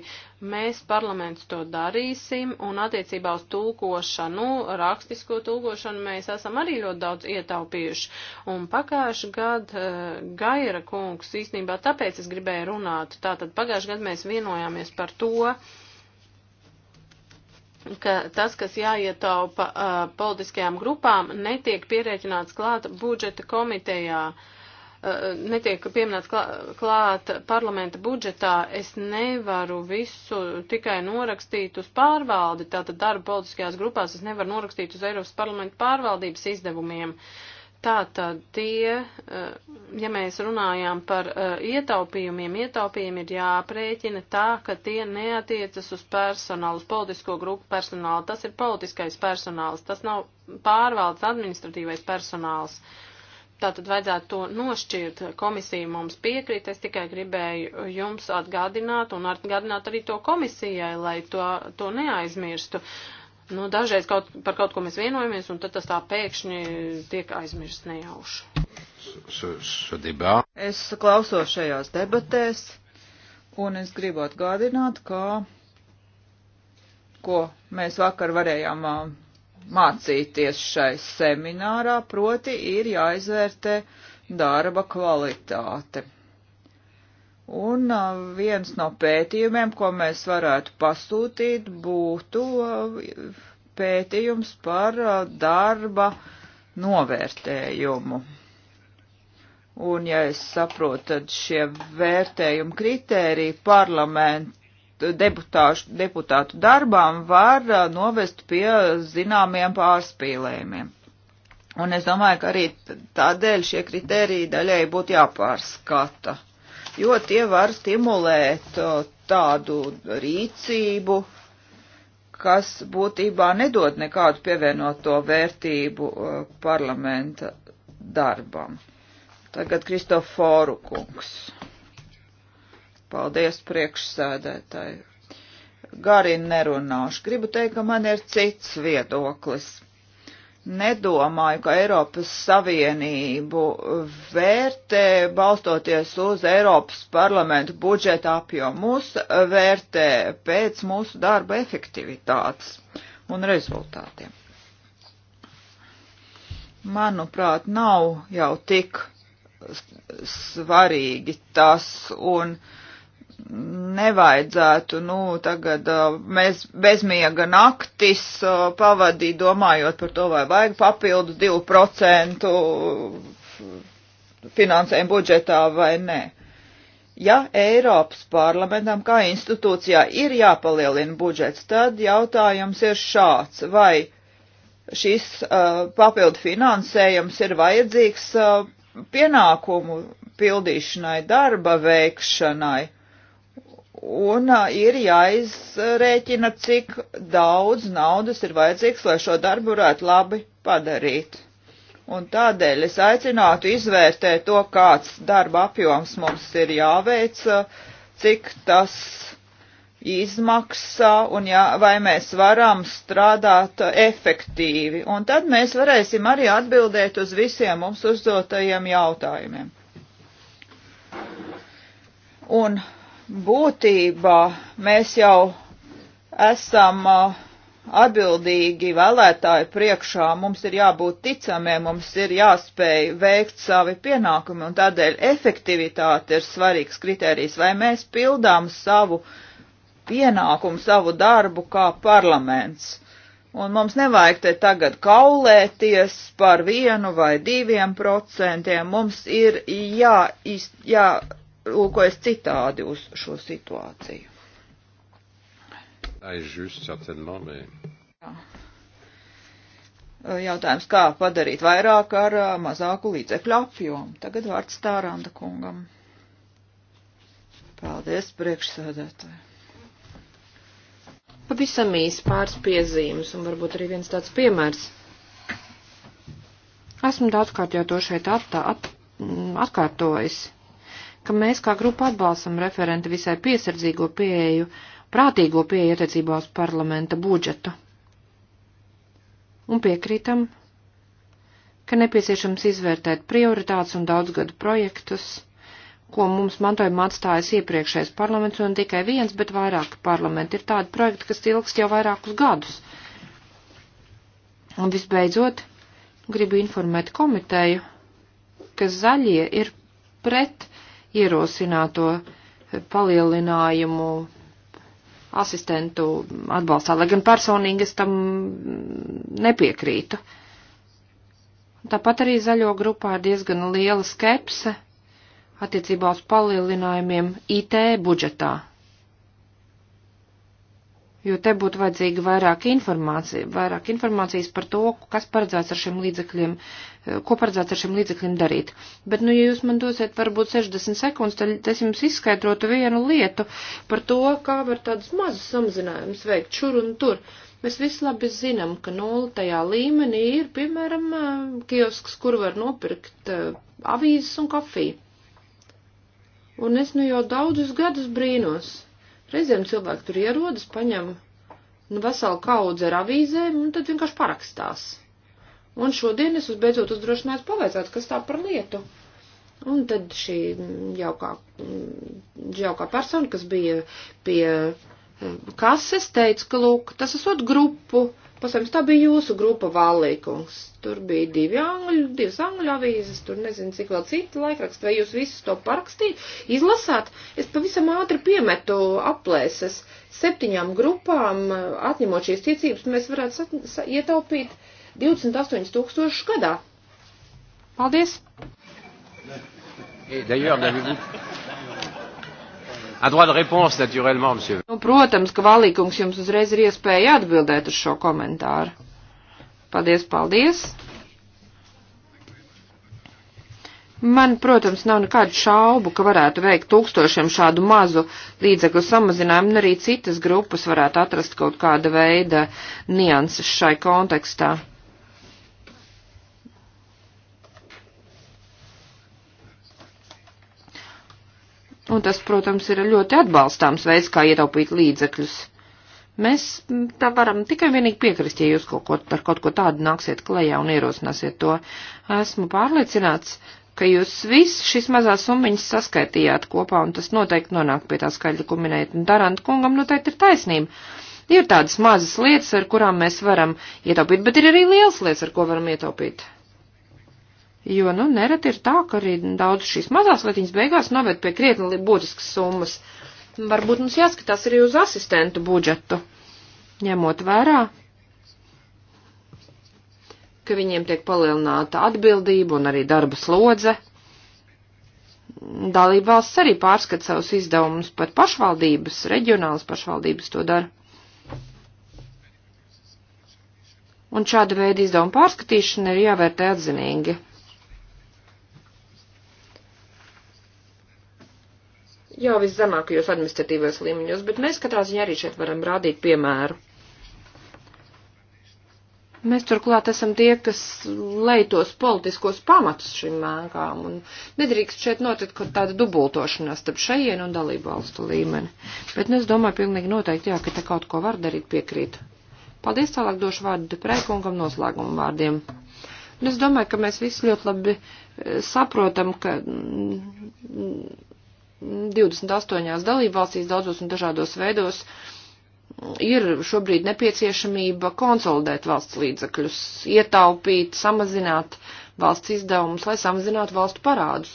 Speaker 3: mēs parlaments to darīsim, un attiecībā uz tulkošanu, rakstisko tulkošanu, mēs esam arī ļoti daudz ietaupījuši. Un pagājuši gadu eh, Gaira kungs īstenībā tāpēc es gribēju runāt, tātad pagājuši gadu mēs vienojāmies par to, uh, ka tas, kas jāietaupa uh, politiskajām grupām, netiek pierēķināts klāt budžeta komitejā, uh, netiek pieminēts klāt, klāt parlamenta budžetā. Es nevaru visu tikai norakstīt uz pārvaldi, tātad darbu politiskajās grupās es nevaru norakstīt uz Eiropas parlamenta pārvaldības izdevumiem. Uh, Tātad tie, eh, ja mēs runājām par eh, ietaupījumiem, ietaupījumi ir jāprēķina tā, ka tie neatiecas uz personālu, uz politisko grupu personālu. Tas ir politiskais personāls, tas nav pārvaldes administratīvais personāls. Tātad vajadzētu to nošķirt. Komisija mums piekrīt, es tikai gribēju jums atgādināt un atgādināt arī to komisijai, lai to, to neaizmirstu. Uh, Nu, dažreiz kaut, par kaut ko mēs vienojamies, un tad tas tā pēkšņi tiek
Speaker 1: aizmirsts nejauši. Es klausos šajās debatēs, un es gribu atgādināt, kā, ko mēs vakar varējām mācīties šai seminārā, proti ir jāizvērtē darba kvalitāte. Un uh, viens no pētījumiem, ko mēs varētu pasūtīt, būtu uh, pētījums par uh, darba novērtējumu. Un, ja es saprotu, tad šie vērtējuma kritēriji parlamentu deputāšu, deputātu darbām var novest pie zināmiem pārspīlējumiem. Un es domāju, ka arī tādēļ šie kritēriji daļai būtu jāpārskata jo tie var stimulēt tādu rīcību, kas būtībā nedod nekādu pievienoto vērtību parlamenta darbam. Tagad Kristoforu kungs. Paldies priekšsēdētāju. Garin nerunāšu. Gribu teikt, ka man ir cits viedoklis nedomāju, ka Eiropas Savienību vērtē balstoties uz Eiropas parlamentu budžeta apjomu. Mūs vērtē pēc mūsu darba efektivitātes un rezultātiem. Manuprāt, nav jau tik svarīgi tas un uh, nevajadzētu, nu, tagad mēs uh, bezmiega naktis uh, pavadīt domājot par to, vai vajag papildus 2% finansējumu budžetā vai nē. Ja Eiropas parlamentam kā institūcijā ir jāpalielina budžets, tad jautājums ir šāds, vai šis uh, papildu finansējums ir vajadzīgs uh, pienākumu pildīšanai, darba veikšanai Un ir jāizrēķina, cik daudz naudas ir vajadzīgs, lai šo darbu varētu labi padarīt. Un tādēļ es aicinātu izvērtēt to, kāds darba apjoms mums ir jāveic, cik tas izmaksā un jā, vai mēs varam strādāt efektīvi. Un tad mēs varēsim arī atbildēt uz visiem mums uzdotajiem jautājumiem. Un būtībā mēs jau esam uh, atbildīgi vēlētāju priekšā, mums ir jābūt ticamiem, mums ir jāspēj veikt savi pienākumi, un tādēļ efektivitāte ir svarīgs kriterijs, vai mēs pildām savu pienākumu, savu darbu kā parlaments. Un mums nevajag te tagad kaulēties par vienu vai diviem procentiem, mums ir jā, jā lūkojas citādi uz šo situāciju. Just, Jautājums, kā padarīt vairāk ar mazāku līdzekļu apjomu. Tagad vārds Tāranda kungam. Paldies, priekšsēdētāji.
Speaker 2: Pavisam īsi pāris piezīmes un varbūt arī viens tāds piemērs. Esmu daudzkārt jau to šeit attā, at, atkārtojis. At, ka mēs kā grupa atbalstam referenta visai piesardzīgo pieeju, prātīgo pieeju attiecībā uz parlamenta budžetu. Un piekrītam, ka nepieciešams izvērtēt prioritātes un daudzgadu projektus, ko mums mantojumā atstājas iepriekšējais parlaments, un tikai viens, bet vairāki parlamenti ir tādi projekti, kas ilgst jau vairākus gadus. Un visbeidzot, gribu informēt komiteju, ka zaļie ir pret ierosināto palielinājumu asistentu atbalstā, lai gan personīgi es tam nepiekrītu. Tāpat arī zaļo grupā ir diezgan liela skepse attiecībā uz palielinājumiem IT budžetā jo te būtu vajadzīga vairāk, informācija, vairāk informācijas par to, kas paredzēts ar šiem līdzekļiem, eh, ko paredzēts ar šiem līdzekļiem darīt. Bet, nu, ja jūs man dosiet varbūt 60 sekundes, tad es jums izskaidrotu vienu lietu par to, kā var tādus mazus samazinājumus veikt šur un tur. Mēs visi labi zinām, ka nulle tajā līmenī ir, piemēram, eh, kiosks, kur var nopirkt eh, avīzes un kafiju. Un es nu jau daudzus gadus brīnos Reizēm cilvēki tur ierodas, paņem nu, veselu kaudzi ar avīzēm un tad vienkārši parakstās. Un šodien es uzbeidzot uzdrošinājos pavaicāt, kas tā par lietu. Un tad šī jaukā, jaukā persona, kas bija pie eh, kases, teica, ka, lūk, tas esot grupu Pasams, tā bija jūsu grupa Vallīkungs. Tur bija divi angļu, divas angļu avīzes, tur nezinu, cik vēl citi laikraksti, vai jūs visus to parakstīt, izlasāt. Es pavisam ātri piemetu aplēses septiņām grupām, atņemot šīs tiecības, mēs varētu ietaupīt 28 tūkstošu gadā. Paldies!
Speaker 3: Et d'ailleurs, n'avez-vous Nu,
Speaker 2: protams, ka Valīkungs jums uzreiz ir iespēja atbildēt uz šo komentāru. Paldies, paldies! Man, protams, nav nekādu šaubu, ka varētu veikt tūkstošiem šādu mazu līdzekļu samazinājumu, un arī citas grupas varētu atrast kaut kāda veida nianses šai kontekstā. Un tas, protams, ir ļoti atbalstāms veids, kā ietaupīt līdzekļus. Mēs tā varam tikai vienīgi piekrist, ja jūs kaut ko, par kaut ko tādu nāksiet klējā un ierosināsiet to. Esmu pārliecināts, ka jūs viss šis mazās summiņas saskaitījāt kopā, un tas noteikti nonāk pie tā skaļa, ko minējat, un Taranta kungam noteikti ir taisnība. Ir tādas mazas lietas, ar kurām mēs varam ietaupīt, bet ir arī lielas lietas, ar ko varam ietaupīt. Jo, nu, nereti ir tā, ka arī daudz šīs mazās lietiņas beigās noved pie krietni būtiskas summas. Varbūt mums jāskatās arī uz asistentu budžetu, ņemot vērā, ka viņiem tiek palielināta atbildība un arī darba slodze. Dalība valsts arī pārskata savus izdevumus, pat pašvaldības, reģionālas pašvaldības to dara. Un šāda veida izdevuma pārskatīšana ir jāvērtē atzinīgi. jau viszemākajos administratīvos līmeņos, bet mēs katrā ziņā arī šeit varam rādīt piemēru. Mēs turklāt esam tie, kas leitos politiskos pamatus šīm mēmkām, un nedrīkst šeit notikt tāda dubultošanās starp šajien un dalību valstu līmeni. Bet nu, es domāju, pilnīgi noteikti jā, ka te kaut ko var darīt piekrītu. Paldies, tālāk došu vārdu Deprēkungam noslēguma vārdiem. Un es domāju, ka mēs visi ļoti labi eh, saprotam, ka mm, 28 dalībvalstīs daudzos un dažādos veidos ir šobrīd nepieciešamība konsolidēt valsts līdzekļus, ietaupīt, samazināt valsts izdevumus, lai samazinātu valstu parādus.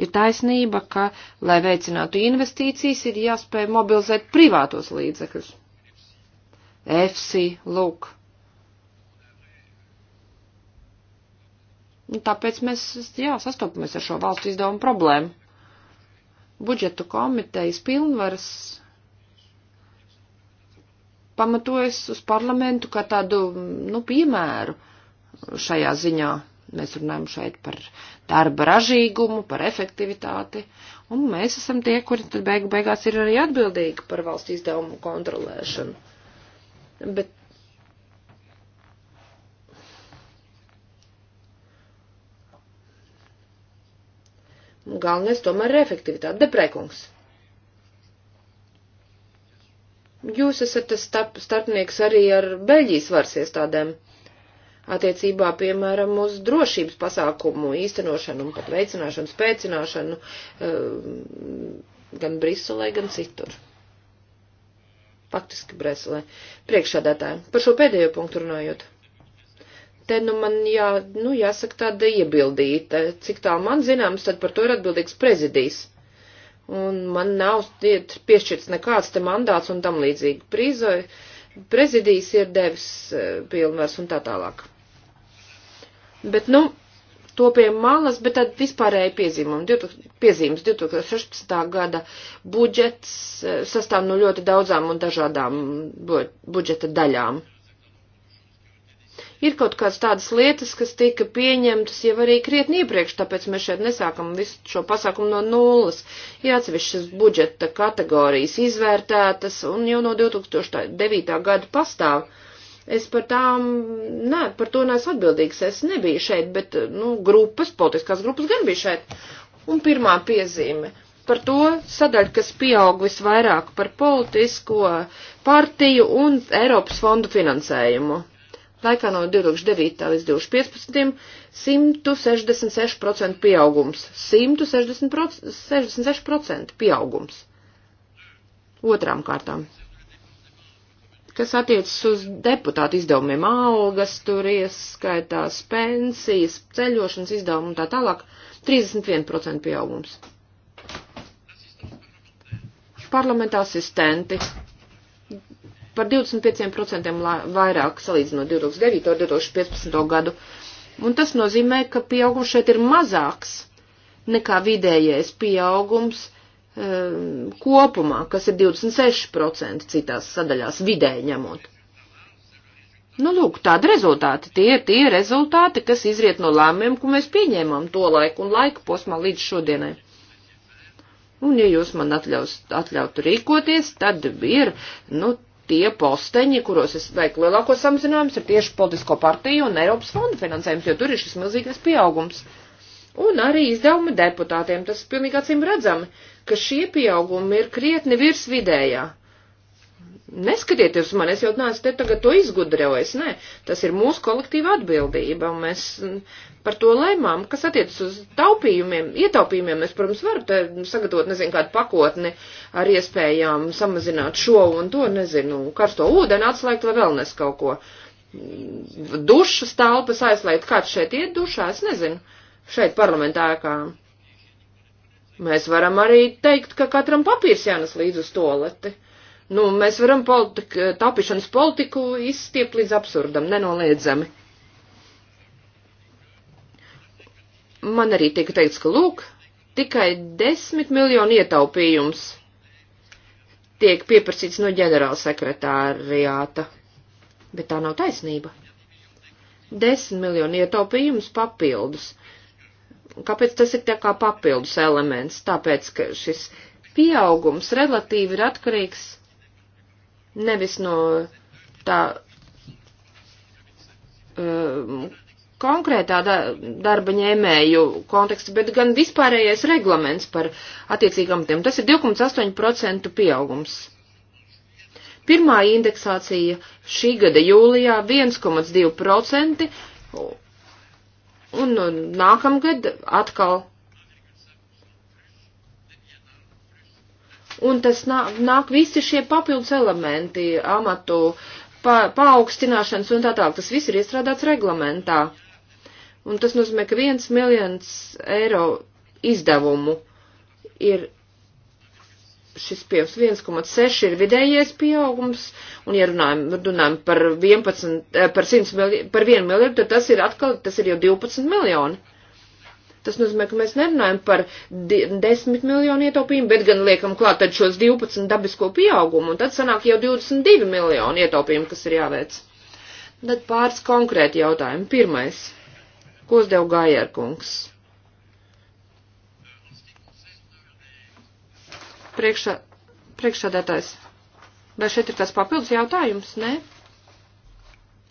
Speaker 2: Ir taisnība, ka, lai veicinātu investīcijas, ir jāspēj mobilizēt privātos līdzekļus. EFSI, lūk, Nu, tāpēc mēs, jā, sastopamies ar šo valstu izdevumu problēmu. Budžetu komitejas pilnvaras pamatojas uz parlamentu kā tādu, nu, piemēru šajā ziņā. Mēs runājam šeit par darba ražīgumu, par efektivitāti, un mēs esam tie, kuri tad beigu beigās ir arī atbildīgi par valsts izdevumu kontrolēšanu. Bet Galvenais tomēr ir efektivitāte. Deprēkungs. Jūs esat tas starp, starpnieks arī ar Beļģijas varas iestādēm attiecībā, piemēram, uz drošības pasākumu īstenošanu un pat veicināšanu, spēcināšanu eh, gan Briselē, gan citur. Faktiski Briselē. Priekšādātāji, par šo pēdējo punktu runājot te nu man jā, nu, jāsaka tāda iebildīta. Cik tā man zināms, tad par to ir atbildīgs prezidijs. Un man nav piešķirts nekāds te mandāts un tam līdzīgi. Prīzoja, prezidijs ir devis eh, pilnvars un tā tālāk. Bet, nu, to pie malas, bet tad vispārēji piezīmes 2016. gada budžets eh, sastāv no ļoti daudzām un dažādām budžeta daļām. Ir kaut kādas tādas lietas, kas tika pieņemtas jau arī krietni iepriekš, tāpēc mēs šeit nesākam visu šo pasākumu no nulles. Ir atsevišķas budžeta kategorijas izvērtētas un jau no 2009. gada pastāv. Es par tām, nē, par to neesmu atbildīgs. Es nebiju šeit, bet, nu, grupas, politiskās grupas gan bija šeit. Un pirmā piezīme par to sadaļu, kas pieaug visvairāk par politisko partiju un Eiropas fondu finansējumu laikā no 2009. līdz 2015. 166% pieaugums. 166% pieaugums. Otrām kārtām. Kas attiecas uz deputātu izdevumiem, algas, tur ieskaitās pensijas, ceļošanas izdevumu un tā tālāk, 31% pieaugums. Parlamenta asistenti par 25% vairāk salīdzinot 2009. un 2015. gadu. Un tas nozīmē, ka pieaugums šeit ir mazāks nekā vidējais pieaugums um, kopumā, kas ir 26% citās sadaļās vidēji ņemot. Nu, lūk, tādi rezultāti. Tie ir tie rezultāti, kas izriet no lēmumiem, ko mēs pieņēmām to laiku un laika posmā līdz šodienai. Un, ja jūs man atļaus, atļautu rīkoties, tad ir, nu, tie posteņi, kuros es veiku lielāko samazinājumus, ir tieši politisko partiju un Eiropas fonda finansējums, jo tur ir šis milzīgais pieaugums. Un arī izdevumi deputātiem, tas pilnīgi acīm redzami, ka šie pieaugumi ir krietni virs vidējā neskatieties uz mani, es jau neesmu te tagad to izgudrojis, nē, tas ir mūsu kolektīva atbildība, un mēs mm, par to lēmām, kas attiec uz taupījumiem, ietaupījumiem, es, protams, varu sagatavot, nezinu, kādu pakotni ar iespējām samazināt šo un to, nezinu, karsto ūdeni atslēgt vai vēl nes kaut ko, mm, dušas telpas aizslēgt, kāds šeit iet dušā, es nezinu, šeit parlamentā kā. Mēs varam arī teikt, ka katram papīrs jānes līdz uz toleti. Nu, mēs varam politika, tapišanas politiku izstiept līdz absurdam, nenoliedzami. Man arī tika teikts, ka lūk, tikai desmit miljonu ietaupījums tiek pieprasīts no ģenerāla sekretāriāta. Bet tā nav taisnība. Desmit miljonu ietaupījums papildus. Kāpēc tas ir tā kā papildus elements? Tāpēc, ka šis pieaugums relatīvi ir atkarīgs nevis no tā um, konkrētā darba ņēmēju konteksta, bet gan vispārējais reglaments par attiecīgām tiem. Tas ir 2,8% pieaugums. Pirmā indeksācija šī gada jūlijā 1,2% un nākamgad atkal un tas nāk, nāk visi šie papildus elementi, amatu pa, paaugstināšanas un tā tālāk. Tas viss ir iestrādāts reglamentā. Un tas nozīmē, ka viens miljons eiro izdevumu ir šis pieaugums 1,6 ir vidējais pieaugums, un ja runājam, runājam par 11, eh, par 100 miljonu, par 1 miljonu, tad tas ir atkal, tas ir jau 12 miljoni. Tas nozīmē, ka mēs nerunājam par 10 miljonu ietaupījumu, bet gan liekam klāt tad šos 12 dabisko pieaugumu, un tad sanāk jau 22 miljonu ietaupījumu, kas ir jāveic. Tad pāris konkrēti jautājumi. Pirmais. Ko uzdev Gājērkungs? Priekšā, priekšsādātājs. Vai šeit ir kāds papildus jautājums? Nē?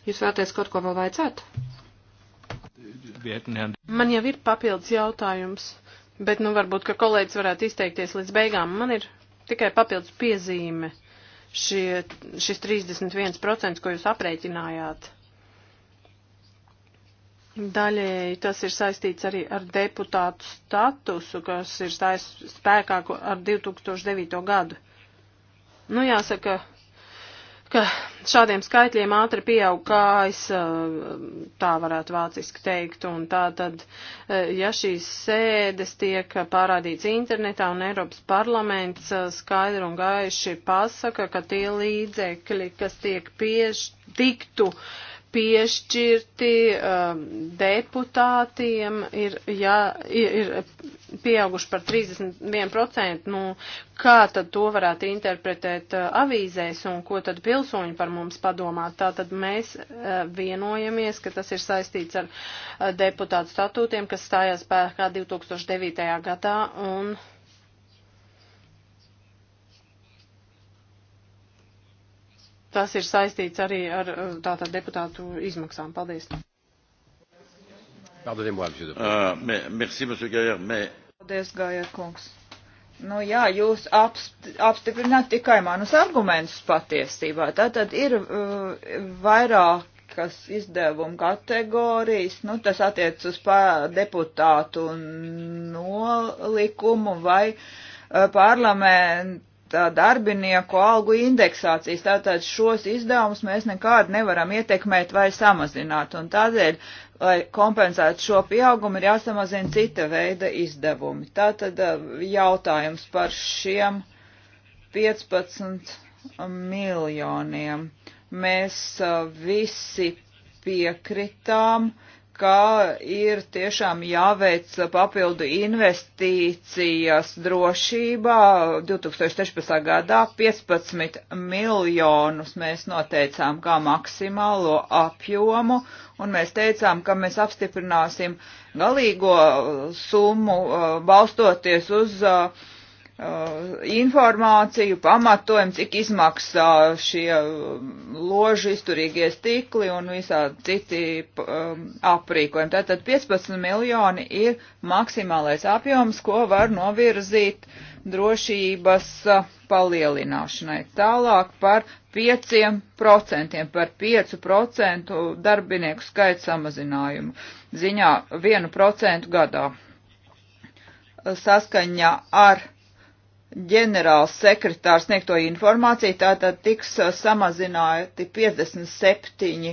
Speaker 2: Jūs vēlaties kaut ko vēl vajadzētu?
Speaker 3: Man jau ir papildus jautājums, bet nu varbūt, ka kolēģis varētu izteikties līdz beigām. Man ir tikai papildus piezīme šie, šis 31%, ko jūs aprēķinājāt. Daļēji tas ir saistīts arī ar deputātu statusu, kas ir stājis spēkā ar 2009. gadu. Nu, jāsaka, ka šādiem skaitļiem ātri pieaug kājas, eh, tā varētu vāciski teikt, un tā tad, eh, ja šīs sēdes tiek pārādīts internetā un Eiropas parlaments eh, skaidri un gaiši pasaka, ka tie līdzekļi, kas tiek pieš, tiktu piešķirti um, deputātiem ir, jā, ir, ir pieauguši par 31%. Nu, kā tad to varētu interpretēt uh, avīzēs un ko tad pilsoņi par mums padomā? Tātad mēs uh, vienojamies, ka tas ir saistīts ar uh, deputātu statūtiem, kas stājās spēkā 2009. gadā un tas ir saistīts arī ar eh, tātad deputātu izmaksām. Paldies. Pardonnez-moi, monsieur Depré. Uh, mais, merci, monsieur Gaillard, mais...
Speaker 1: Paldies, Gaillard kungs. Nu jā, jūs apst, apstiprināt tikai manus argumentus patiesībā. Tātad ir uh, vairākas izdevumu kategorijas, nu tas attiec uz deputātu nolikumu vai uh, parlament darbinieku algu indeksācijas. Tātad šos izdevumus mēs nekādu nevaram ietekmēt vai samazināt. Un tādēļ, lai kompensētu šo pieaugumu, ir jāsamazina cita veida izdevumi. Tātad jautājums par šiem 15 miljoniem. Mēs visi piekritām uh, ka ir tiešām jāveic papildu investīcijas drošībā. 2016. gadā 15 miljonus mēs noteicām kā maksimālo apjomu, un mēs teicām, ka mēs apstiprināsim galīgo summu uh, balstoties uz uh, Uh, informāciju, pamatojumu, cik izmaksā šie um, loži, izturīgie stikli un visādi citi um, aprīkojumi. Tātad 15 miljoni ir maksimālais apjoms, ko var novirzīt drošības uh, palielināšanai. Tālāk par 5%, par 5% darbinieku skaitu samazinājumu ziņā 1% gadā. Saskaņā ar ģenerāls sekretārs sniegto informāciju, tātad tiks uh, samazināti 57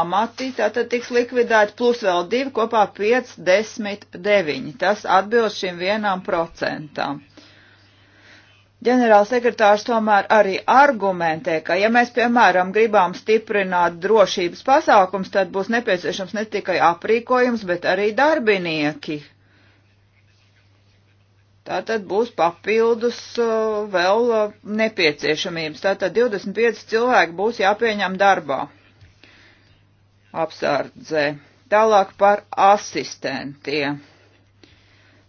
Speaker 1: amati, tātad tiks likvidēti plus vēl divi kopā 59. Tas atbilst šim vienam procentam. Ģenerālsekretārs tomēr arī argumentē, ka ja mēs, piemēram, gribam stiprināt drošības pasākums, tad būs nepieciešams ne tikai aprīkojums, bet arī darbinieki, Tātad būs papildus uh, vēl uh, nepieciešamības. Tātad 25 cilvēki būs jāpieņem darbā apsardzē. Tālāk par asistentiem.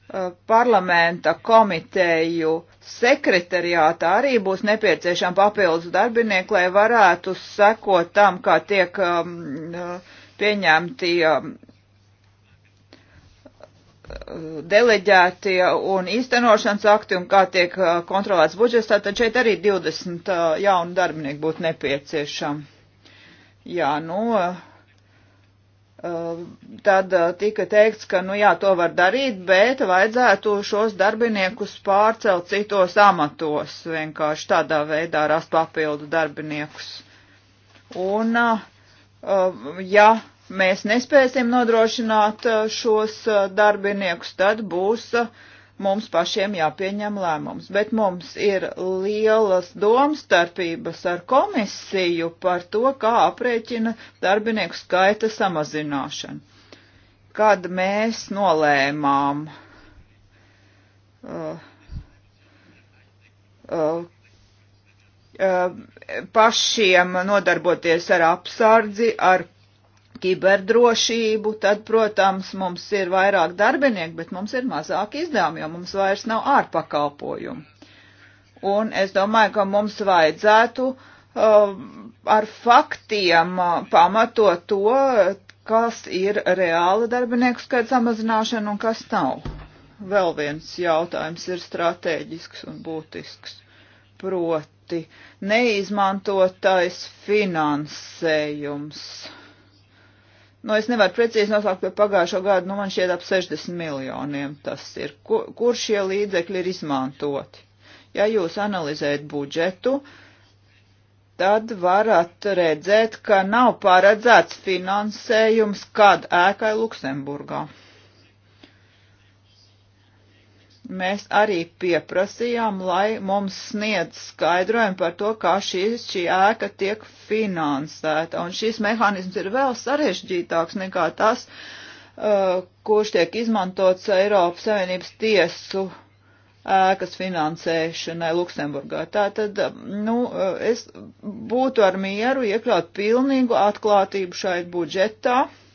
Speaker 1: Uh, parlamenta komiteju sekretariātā arī būs nepieciešama papildus darbinieki, lai varētu sekot tam, kā tiek um, pieņemti um, deleģētie un īstenošanas akti un kā tiek uh, kontrolēts budžets, tad šeit arī 20 uh, jaunu darbinieku būtu nepieciešama. Jā, nu, uh, tad tika teikts, ka, nu jā, to var darīt, bet vajadzētu šos darbiniekus pārcelt citos amatos, vienkārši tādā veidā rast papildu darbiniekus. Un, ja mēs nespēsim nodrošināt uh, šos uh, darbiniekus, tad būs uh, mums pašiem jāpieņem lēmums. Bet mums ir lielas domstarpības ar komisiju par to, kā aprēķina darbinieku skaita samazināšanu. Kad mēs nolēmām, uh, uh, uh pašiem nodarboties ar apsardzi, ar kiberdrošību, tad, protams, mums ir vairāk darbinieku, bet mums ir mazāk izdevumi, jo mums vairs nav ārpakalpojumu. Un es domāju, ka mums vajadzētu uh, ar faktiem uh, pamatot to, kas ir reāla darbinieku skaita samazināšana un kas nav. Vēl viens jautājums ir strateģisks un būtisks. Proti, neizmantotais finansējums Nu, es nevaru precīzi nosaukt par pagājušo gadu, nu man šķiet ap 60 miljoniem tas ir. Kur, kur šie līdzekļi ir izmantoti? Ja jūs analizējat budžetu, tad varat redzēt, ka nav paredzēts finansējums kad ēkai Luksemburgā mēs arī pieprasījām, lai mums sniedz skaidrojumu par to, kā šī, šī ēka tiek finansēta. Un šis mehānisms ir vēl sarežģītāks nekā tas, uh, kurš tiek izmantots Eiropas Savienības tiesu ēkas finansēšanai Luksemburgā. Tātad, nu, es būtu ar mieru iekļaut pilnīgu atklātību šai budžetā. Uh,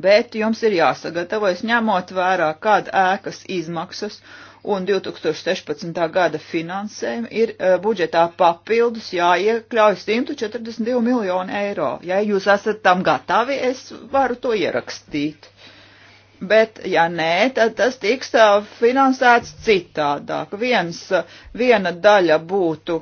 Speaker 1: bet jums ir jāsagatavojas ņemot vērā, kāda ēkas izmaksas un 2016. gada finansējumu ir e, budžetā papildus jāiekļauj 142 miljoni eiro. Ja jūs esat tam gatavi, es varu to ierakstīt. Bet, ja nē, tad tas tiks e, finansēts citādāk. Viens, e, viena daļa būtu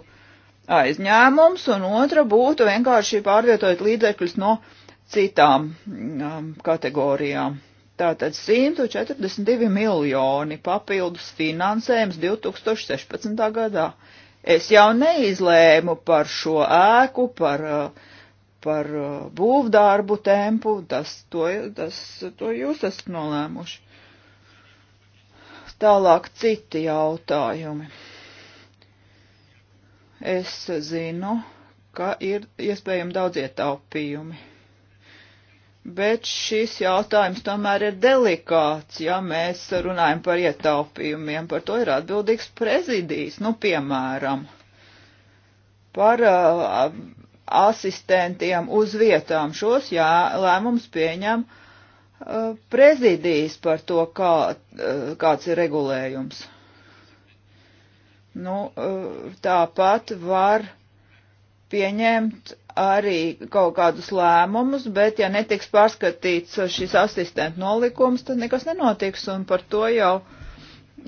Speaker 1: aizņēmums, un otra būtu vienkārši pārvietojot līdzekļus no uh, citām um, kategorijām. Tātad 142 miljoni papildus finansējums 2016. gadā. Es jau neizlēmu par šo ēku, par, uh, par uh, būvdarbu tempu, tas to, tas, to jūs esat nolēmuši. Tālāk citi jautājumi. Es zinu, ka ir iespējami daudz ietaupījumi bet šis jautājums tomēr ir delikāts, ja mēs runājam par ietaupījumiem. Par to ir atbildīgs prezidijs, nu, piemēram, par uh, asistentiem uz vietām. Šos jā, lēmums pieņem uh, prezidijs par to, kā, uh, kāds ir regulējums. Nu, uh, tāpat var pieņemt arī kaut kādus lēmumus, bet ja netiks pārskatīts šis asistenta nolikums, tad nekas nenotiks, un par to jau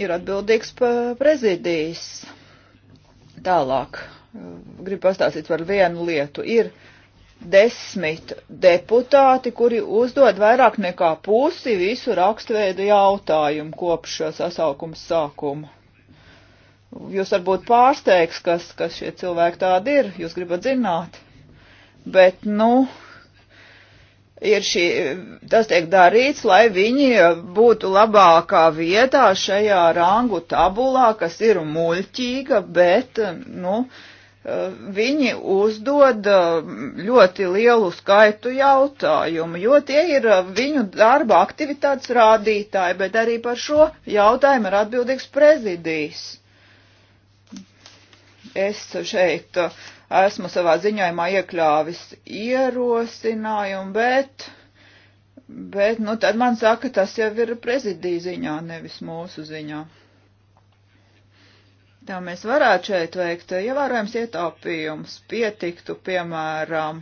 Speaker 1: ir atbildīgs prezidijs. Tālāk, gribu pastāstīt par vienu lietu. Ir desmit deputāti, kuri uzdod vairāk nekā pusi visu rakstveidu jautājumu kopš sasaukuma sākuma. Jūs varbūt pārsteigs, kas, kas šie cilvēki tādi ir, jūs gribat zināt bet, nu, ir šī, tas tiek darīts, lai viņi būtu labākā vietā šajā rangu tabulā, kas ir muļķīga, bet, nu, viņi uzdod mm, ļoti lielu skaitu jautājumu, jo tie ir viņu darba aktivitātes rādītāji, bet arī par šo jautājumu ir atbildīgs prezidijs. Es šeit uh, esmu savā ziņojumā iekļāvis ierosinājumu, bet, bet, nu, tad man saka, tas jau ir prezidija ziņā, nevis mūsu ziņā. Tā mēs varētu šeit veikt ievērojams ja ietaupījums, pietiktu, piemēram,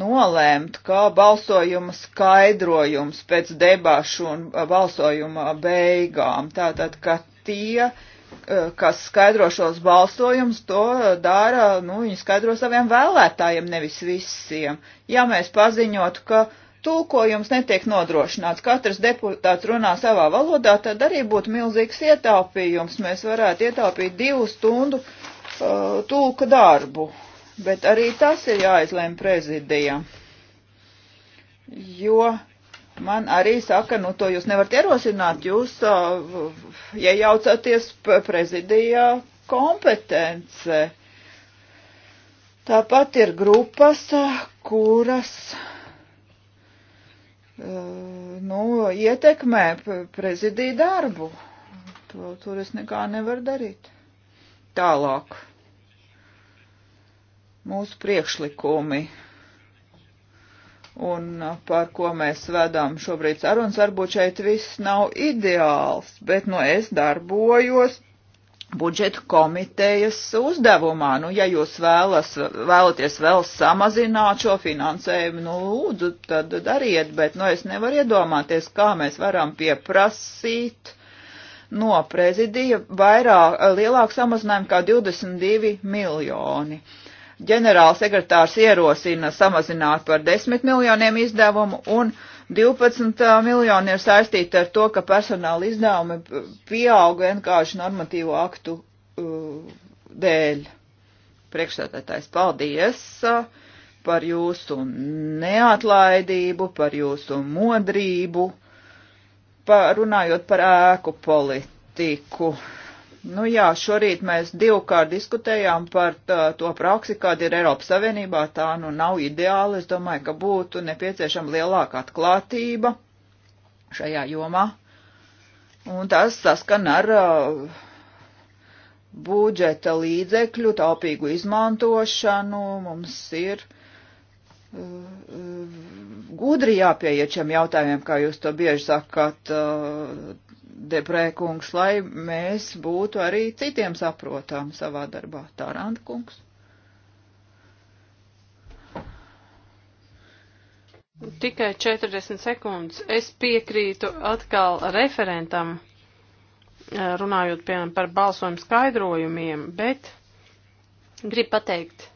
Speaker 1: nolēmt, kā balsojuma skaidrojums pēc debašu un balsojuma beigām. Tātad, ka tie, uh, Eh, kas skaidro šos balsojumus, to eh, dara, nu, viņi skaidro saviem vēlētājiem, nevis visiem. Ja mēs paziņotu, ka tulkojums netiek nodrošināts, katrs deputāts runā savā valodā, tad arī būtu milzīgs ietaupījums. Mēs varētu ietaupīt divu stundu uh, tulka darbu, bet arī tas ir jāizlēm prezidijam. Jo man arī saka, nu to jūs nevarat ierosināt, jūs iejaucaties ja prezidijā kompetence. Tāpat ir grupas, kuras nu, ietekmē prezidiju darbu. To, tur es nekā nevaru darīt. Tālāk. Mūsu priekšlikumi un uh, par ko mēs vedām šobrīd sarunas. Varbūt šeit viss nav ideāls, bet nu es darbojos budžeta komitejas uzdevumā. Nu, ja jūs vēlas, vēlaties vēl samazināt šo finansējumu, nu, lūdzu, tad dariet, bet nu, es nevaru iedomāties, kā mēs varam pieprasīt no prezidija vairāk, lielāku samazinājumu kā 22 miljoni. Uh, ģenerālsekretārs ierosina samazināt par 10 miljoniem izdevumu un 12 miljoni ir saistīti ar to, ka personāla izdevumi pieauga vienkārši normatīvo aktu uh, dēļ. Priekšstādātājs, paldies par jūsu neatlaidību, par jūsu modrību, par, runājot par ēku politiku. Nu jā, šorīt mēs divkārt diskutējām par tā, to praksi, kāda ir Eiropas Savienībā. Tā nu nav ideāla. Es domāju, ka būtu nepieciešama lielāka atklātība šajā jomā. Un tas saskan ar uh, budžeta līdzekļu taupīgu izmantošanu. Mums ir uh, uh gudri jāpieiet šiem jautājumiem, kā jūs to bieži sakat. Uh, Debrēkungs, lai mēs būtu arī citiem saprotām savā darbā. Tārānta kungs.
Speaker 3: Tikai 40 sekundes. Es piekrītu atkal referentam, eh, runājot piemēram par balsojumu skaidrojumiem, bet gribu pateikt,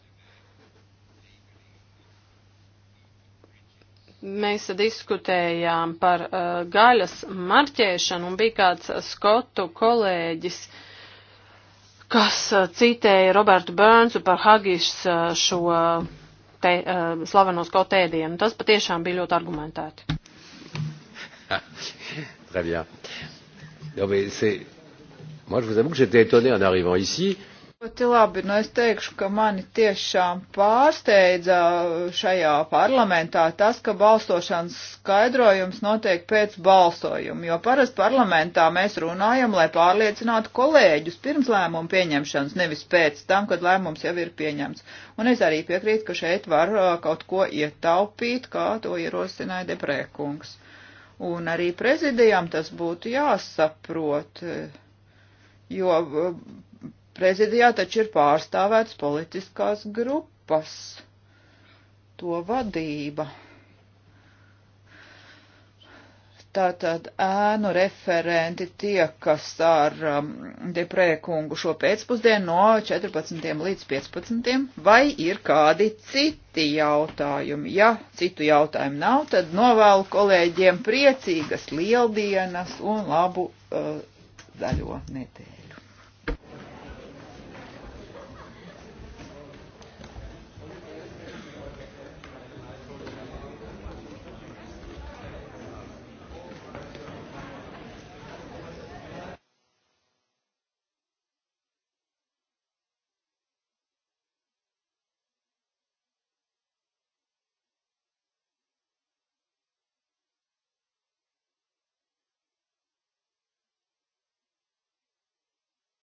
Speaker 3: Mēs diskutējām par uh, gaļas marķēšanu un bija kāds skotu kolēģis, kas uh, citēja Robertu Bērnsu par Hagis uh, šo te, uh, slaveno skotu ēdienu. Tas patiešām bija ļoti argumentēti. Ah, très bien. Non, mais c'est... Moi, je vous avoue que j'étais étonné en arrivant ici. Euh,
Speaker 1: Ļoti labi, nu es teikšu, ka mani tiešām pārsteidza šajā parlamentā tas, ka balsošanas skaidrojums notiek pēc balsojuma, jo parasti parlamentā mēs runājam, lai pārliecinātu kolēģus pirms lēmumu pieņemšanas, nevis pēc tam, kad lēmums jau ir pieņemts. Un es arī piekrītu, ka šeit var uh, kaut ko ietaupīt, kā to ierosināja deprēkungs. Un arī prezidijām tas būtu jāsaprot uh, jo uh, Prezidijā taču ir pārstāvēts politiskās grupas, to vadība. Tātad ēnu referenti tiekas ar um, deprēkungu šo pēcpusdienu no 14. līdz 15. Vai ir kādi citi jautājumi? Ja citu jautājumu nav, tad novēlu kolēģiem priecīgas lieldienas un labu uh, zaļo nedēļu.